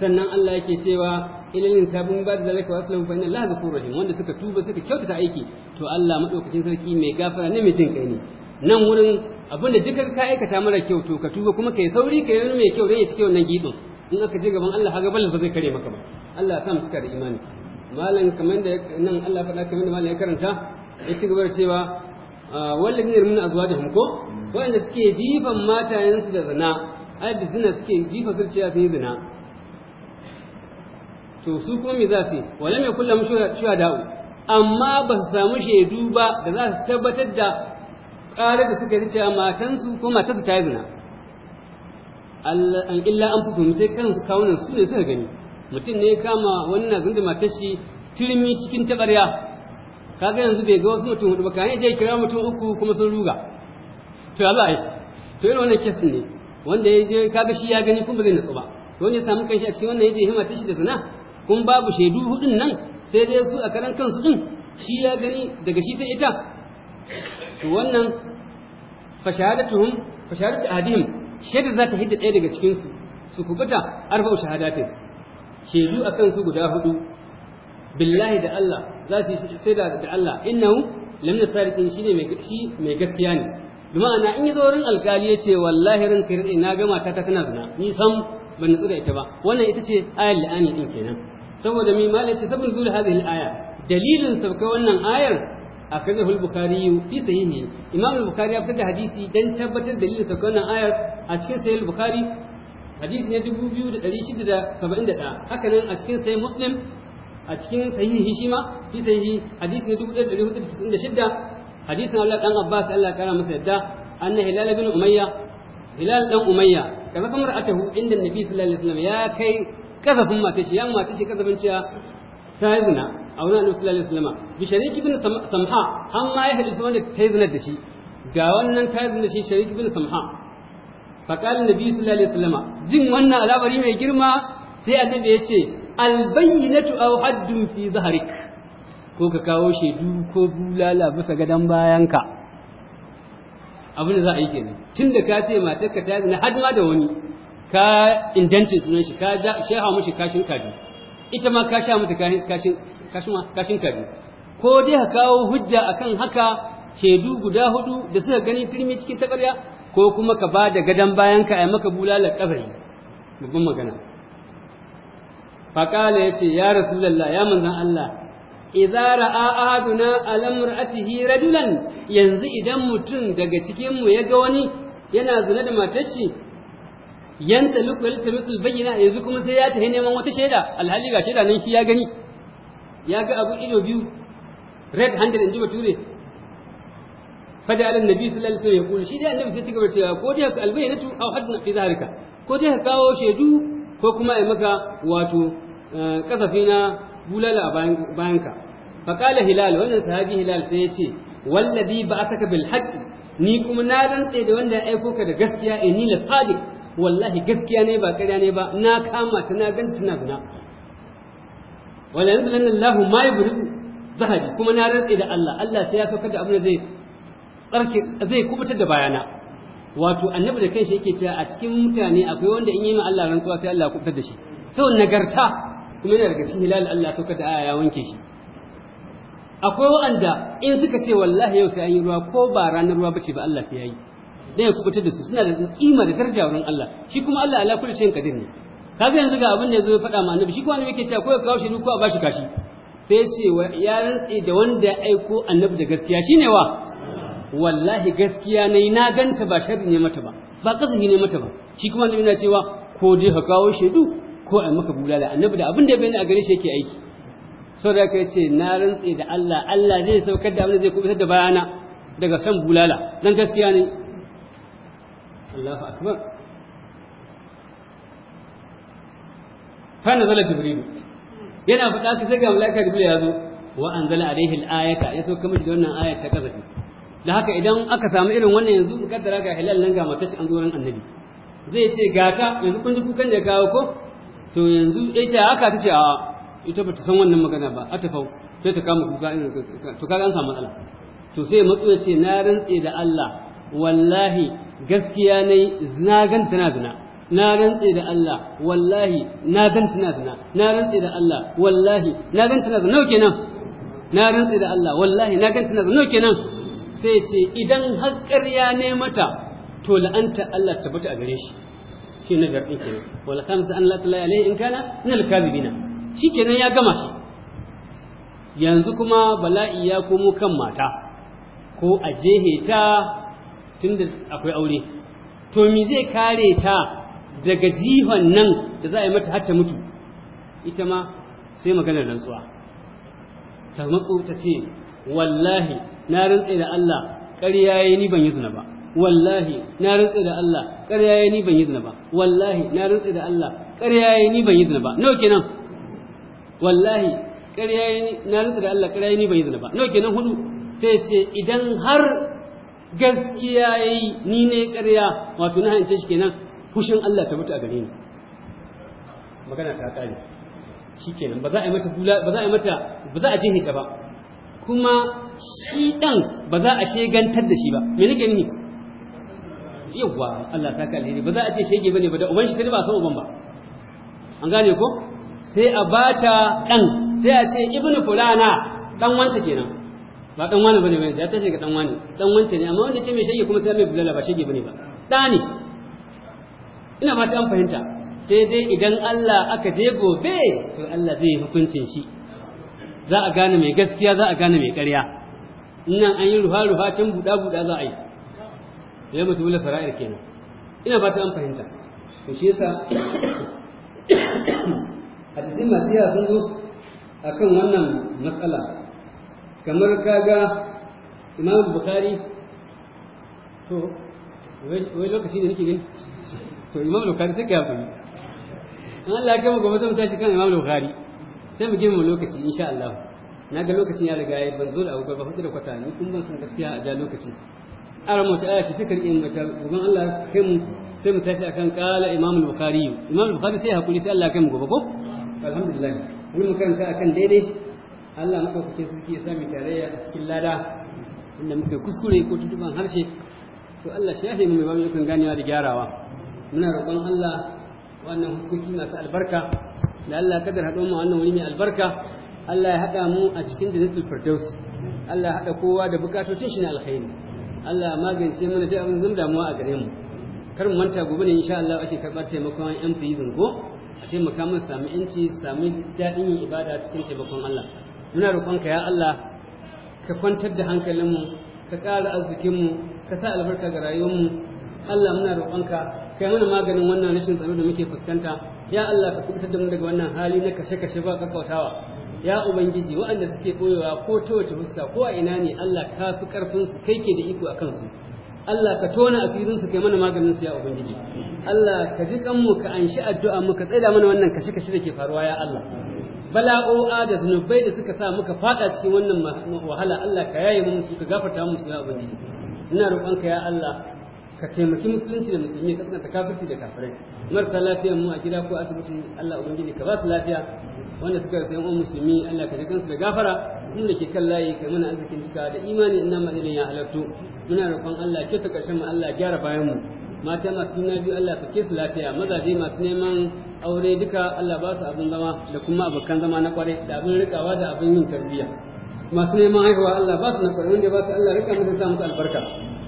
sannan Allah yake cewa ilalin tabun ba da zalaka waslahu fa inna Allah ghafurur rahim wanda suka tuba suka kyautata aiki to Allah madaukakin sarki mai gafara ne mai jin kai ne nan wurin abin da duka ka aikata mara kyau to ka tuba kuma kai sauri kai yi mai kyau don ya kyau wannan gidin in aka je gaban Allah haga ballan zai kare maka ba Allah ta musu suka imani malam kamar da nan Allah faɗa kamar da malam ya karanta ya ci gaba da cewa wallahi ne mun da ko wanda suke jifan matayensu da zina ai da zina suke jifa zuciya sun yi zina to su kuma me za su yi wala mai kullum shuhada'u amma ba su samu shaidu ba da za su tabbatar da ƙarar da suka yi cewa matansu ko matarsa ta yi zina an illa an fusu sai kansu kawunan su ne suka gani mutum ne ya kama wani na zunda matar shi turmi cikin tabarya kaga yanzu bai ga wasu mutum hudu ba kan yaje kira mutum uku kuma sun ruga to Allah ai to irin wannan kesin ne wanda ya je kaga shi ya gani kuma bai nutsu ba to ya samu kanshi a cikin wannan yaje hima tashi da zina kun babu shaidu hudun nan sai dai su a karan kansu din shi ya gani daga shi sai ita to wannan fa fashadatu ahadihim shaida za ta hidda ɗaya daga cikin su su kubuta arba'u shahadatin shaidu akan su guda hudu billahi da Allah za su yi shaida da Allah innahu lamna sariqin shine mai shi mai gaskiya ne ana in yi zo wurin alkali ya ce wallahi ran kai na ga ta tana zina ni sam ban nutsu da ita ba wannan ita ce ayar la'ani din kenan saboda mi malai ce sabon zuwa hadhihi aya dalilin sabka wannan ayar akhrajahu al-bukhari fi sahihi imam al-bukhari ya fitar hadisi dan tabbatar dalilin sa wannan ayar a cikin sahih al-bukhari hadisi ne 2671 haka nan a cikin sahih muslim a cikin sahihi shi ma fi sahihi hadisi ne 1496 hadisin Allah dan Abbas Allah ya kara masa yadda anna Hilal bin Umayya Hilal dan Umayya kaza kamar atahu inda Nabi sallallahu alaihi wasallam ya kai kazafin matashi ya matashi kazafin cewa ta yi zina a wani annabi sallallahu alaihi wasallam bi shariki bin samha har ma ya hadisi wanda ta zina da shi ga wannan ta zina shi shariki bin samha fa qala annabi sallallahu alaihi wasallam jin wannan alabari mai girma sai annabi ya ce al bayyinatu aw haddun fi zahrik ko ka kawo shaidu ko bulala bisa gadon bayanka abin da za a yi kenan tun da ka ce matarka ta zina har ma da wani ka indancin sunan shi ka sheha mushi kashin kaji ita ma ka sha mata kashin kaji ko dai ka kawo hujja akan haka shaidu guda hudu da suka gani firmi cikin takarya ko kuma ka ba da gadon bayan ka ai maka bulalar kafari babban magana faƙala ya ce ya lalla, ya manzan Allah idza ra'a ahaduna alamra'atihi radulan yanzu idan mutum daga cikin mu ya ga wani yana zina da matashi. yanta luku yaltamisul bayyana yanzu kuma sai ya tafi neman wata shaida alhali ga shaida nan shi ya gani ya ga abu ido biyu red handed in ji bature fada alan nabi sallallahu alaihi wasallam ya shi dai annabi sai cigaba cewa ko dai ka albayyana albayyanatu aw hadna fi zahrika ko dai ka kawo shaidu ko kuma ai maka wato kasafi na bulala bayan ka fa qala hilal wannan sahabi hilal sai ya ce wallazi ba'ataka bil haqqi ni kuma na rantse da wanda ya aiko ka da gaskiya inni la sadiq wallahi gaskiya ne ba ƙarya ne ba na kama ta na ganci na zina wala yablanna Allahu ma yubridu zahabi kuma na rantsi da Allah Allah sai ya saukar da abin da zai tsarki zai kubutar da bayana wato annabi da kanshi yake cewa a cikin mutane akwai wanda in yi ma Allah rantsuwa sai Allah kubutar da shi sau nagarta kuma yana daga cikin hilal Allah saukar da aya ya wanke shi akwai wa'anda in suka ce wallahi yau sai an yi ruwa ko ba ranar ruwa bace ba Allah sai ya yi dan ya kubutar da su suna da kima da daraja wurin Allah shi kuma Allah ala kulli shay'in qadir ne kaga yanzu ga abin da yazo ya faɗa ma annabi shi kuma annabi yake cewa ko ya kawo shi ko a bashi kashi sai ya ce ya rantsi da wanda ya aiko annabi da gaskiya shine wa wallahi gaskiya ne na ganta ba sharri ne mata ba ba kasafi ne mata ba shi kuma annabi yana cewa ko dai ka kawo shaidu ko a maka bulala annabi da abin da ya bayyana a gare shi yake aiki sau da aka ce na rantse da Allah Allah zai saukar da abin da zai kubutar da bayana daga san bulala dan gaskiya ne الله أكبر جبريل ينا yana faɗa ka sai ga malaika jibril ya zo wa anzala alaihi al-ayata ya so kamar wannan ayat ta kasafi da haka idan aka samu irin wannan yanzu zai ce gata yanzu kun ji kukan da kawo ko to yanzu ita haka ta a ita bata san wannan magana ba a tafau sai ta kama kuka irin to kaga an samu matsala to sai matsu ce na rantse da Allah wallahi gaskiya ne na gan tana zina na rantse da Allah wallahi na gan tana zina na rantse da Allah wallahi na gan tana zina kenan na rantse da Allah wallahi na gan tana zina kenan sai ce idan har ƙarya ne mata to la'anta Allah tabbata a gare shi shi na garɗin kenan wala kamsa an la tala alai in kana min al shi kenan ya gama shi yanzu kuma bala'i ya komo kan mata ko a jeheta ta tunda akwai aure to me zai kare ta daga jihon nan da za a yi mata har ta mutu ita ma sai maganar rantsuwa ta matsu ta ce wallahi na rantsa da Allah ƙarya yayi ni ban yi zina ba wallahi na rantsa da Allah ƙarya yayi ni ban yi zina ba wallahi na rantsa da Allah ƙarya yayi ni ban yi zina ba nawa kenan wallahi ƙarya yayi na rantsa da Allah ƙarya yayi ni ban yi zina ba nawa kenan hudu sai ce idan har gaskiya yi ni ne ƙarya wato na hance shi kenan fushin Allah ta mutu a gare ni magana ta Shi kenan ba za a yi mata ba za a yi mata ba za a jehe ta ba kuma shi dan ba za a shegantar da shi ba me nake ni yawwa Allah ta ne. ba za a ce shege bane ba da uban shi sai ba san uban ba an gane ko sai a bata dan sai a ce ibnu fulana dan wanta kenan ba dan wani bane bane ya ce ga dan wani dan wance ne amma wanda ce mai shege kuma sai mai bulala ba shege bane ba da ne ina ta an fahimta sai dai idan Allah aka je gobe to Allah zai hukuncin shi za a gane mai gaskiya za a gane mai ƙarya nan an yi ruha ruha can buɗa buɗa za a yi ya mutu wula fara'ir kenan ina ba ta an fahimta to shi yasa hadisi masu yawa sun zo akan wannan matsala kamar kaga imam bukhari to wai lokaci da nake gani to imam bukhari sai ka yafi an Allah kai mu gobe zan tashi kan imam bukhari sai mu gima lokaci insha Allah na ga lokacin ya riga ya ban zo da abubuwa ba hudu da kwata ni kun ban san gaskiya a ga lokaci ara mu ta ayaci sai in mata gobe Allah kai mu sai mu tashi akan kala imam bukhari imam bukhari sai hakuri sai Allah kai mu gobe ko alhamdulillah mun karanta akan daidai Allah madaukakin su ya sami tarayya a cikin lada inda muka kuskure ko tutuban harshe to Allah shi ya nemi mai babu yakan ganewa da gyarawa muna roƙon Allah wannan huskoki masu albarka da Allah kadar haɗo mu wannan wuri mai albarka Allah ya haɗa mu a cikin jannatul firdaus Allah ya haɗa kowa da bukatocin shi na alkhairi Allah ya magance mana da abin damuwa a gare mu kar mu manta gobe ne insha Allah ake karɓar taimakon yan fiye ko a taimaka mu samu yanci samu daɗin yin ibada cikin taimakon Allah muna roƙonka ya Allah ka kwantar da hankalinmu ka ƙara arzikinmu ka sa albarka ga rayuwarmu Allah muna roƙonka kai mana maganin wannan rashin tsaro da muke fuskanta ya Allah ka kubutar da mu daga wannan hali na kashe-kashe ba kakkautawa ya ubangiji waɗanda suke koyewa ko ta wace fuska ko a ina ne Allah ka fi karfin kai ke da iko akan su Allah ka tona asirin su kai mana maganin su ya ubangiji Allah ka ji kanmu ka anshi addu'a mu ka tsaida mana wannan kashe-kashe da ke faruwa ya Allah bala'o'a da zunubai da suka sa muka fada cikin wannan wahala Allah ka yaye mu su ka gafarta mu su ya ubangiji ina roƙonka ya Allah ka taimaki musulunci da musulmi ka tsanta kafirci da kafirai marasa lafiya mu a gida ko asibiti Allah ubangiji ka ba su lafiya wanda suka rasa yan musulmi Allah ka ji kansu da gafara mun da ke kan layi kai mana arzikin cika da imani inna ma ilin ya halattu muna roƙon Allah ke ta ƙarshen mu Allah gyara bayan mu mata masu juna biyu Allah ka ke lafiya mazaje masu neman aure duka Allah ba su abin zama da kuma abokan zama na kware da abin rikawa da abin yin tarbiyya masu neman haihuwa Allah ba su na kware wanda ba su Allah rika musu sa musu albarka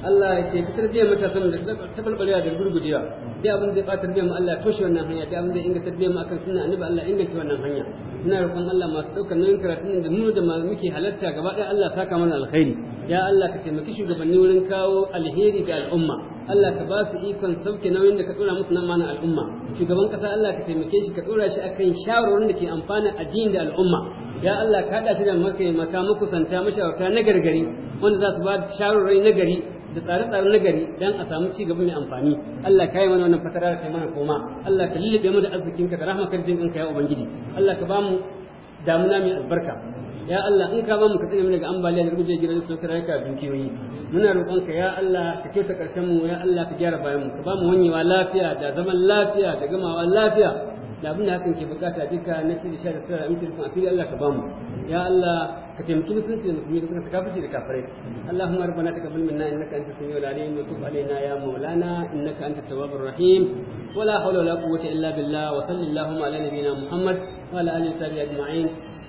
Allah ya ce ta tarbiyyar mata mu da tabalbalewa da gurgudewa da abin zai fata tarbiyyar mu Allah ya toshe wannan hanya da abin zai inga tarbiyyar mu akan sunna annabi Allah inganta wannan hanya ina roƙon Allah masu ɗaukar nauyin karatun da mu da muke halarta gaba ɗaya Allah saka mana alkhairi ya Allah ka taimaki shugabanni wurin kawo alheri ga al'umma Allah ka ba su ikon sauke nauyin da ka dora musu nan mana al'umma shugaban kasa Allah ka taimake shi ka dora shi akan shawarwarin da ke amfana addini da al'umma ya Allah ka hada shi da maka makusanta mashawarta na gargari wanda za su ba shawarwari na gari da tsare-tsare na gari don a samu ci gaba mai amfani Allah ka yi mana wannan fatara da kai mana koma Allah ka lullube mu da ka da rahmatar ka ya ubangiji Allah ka ba mu damuna mai albarka ya Allah in ka ba mu ka tsare mu daga ambaliya da rubuce gidan sun sarai ka dukiyoyi muna roƙon ka ya Allah ka kesa karshen mu ya Allah ka gyara bayan mu ka ba mu wanyewa lafiya da zaman lafiya da gamawa lafiya da abin da hakan ke bukata duka na shi da sha da tsara amintar kuma afili Allah ka ba mu ya Allah ka taimaki musulunci da musulmi da suka kafirci da kafirai اللهم ربنا تقبل منا انك انت السميع العليم وتب علينا يا مولانا انك انت التواب الرحيم ولا حول ولا قوه الا بالله وصل اللهم على نبينا محمد وعلى اله وصحبه اجمعين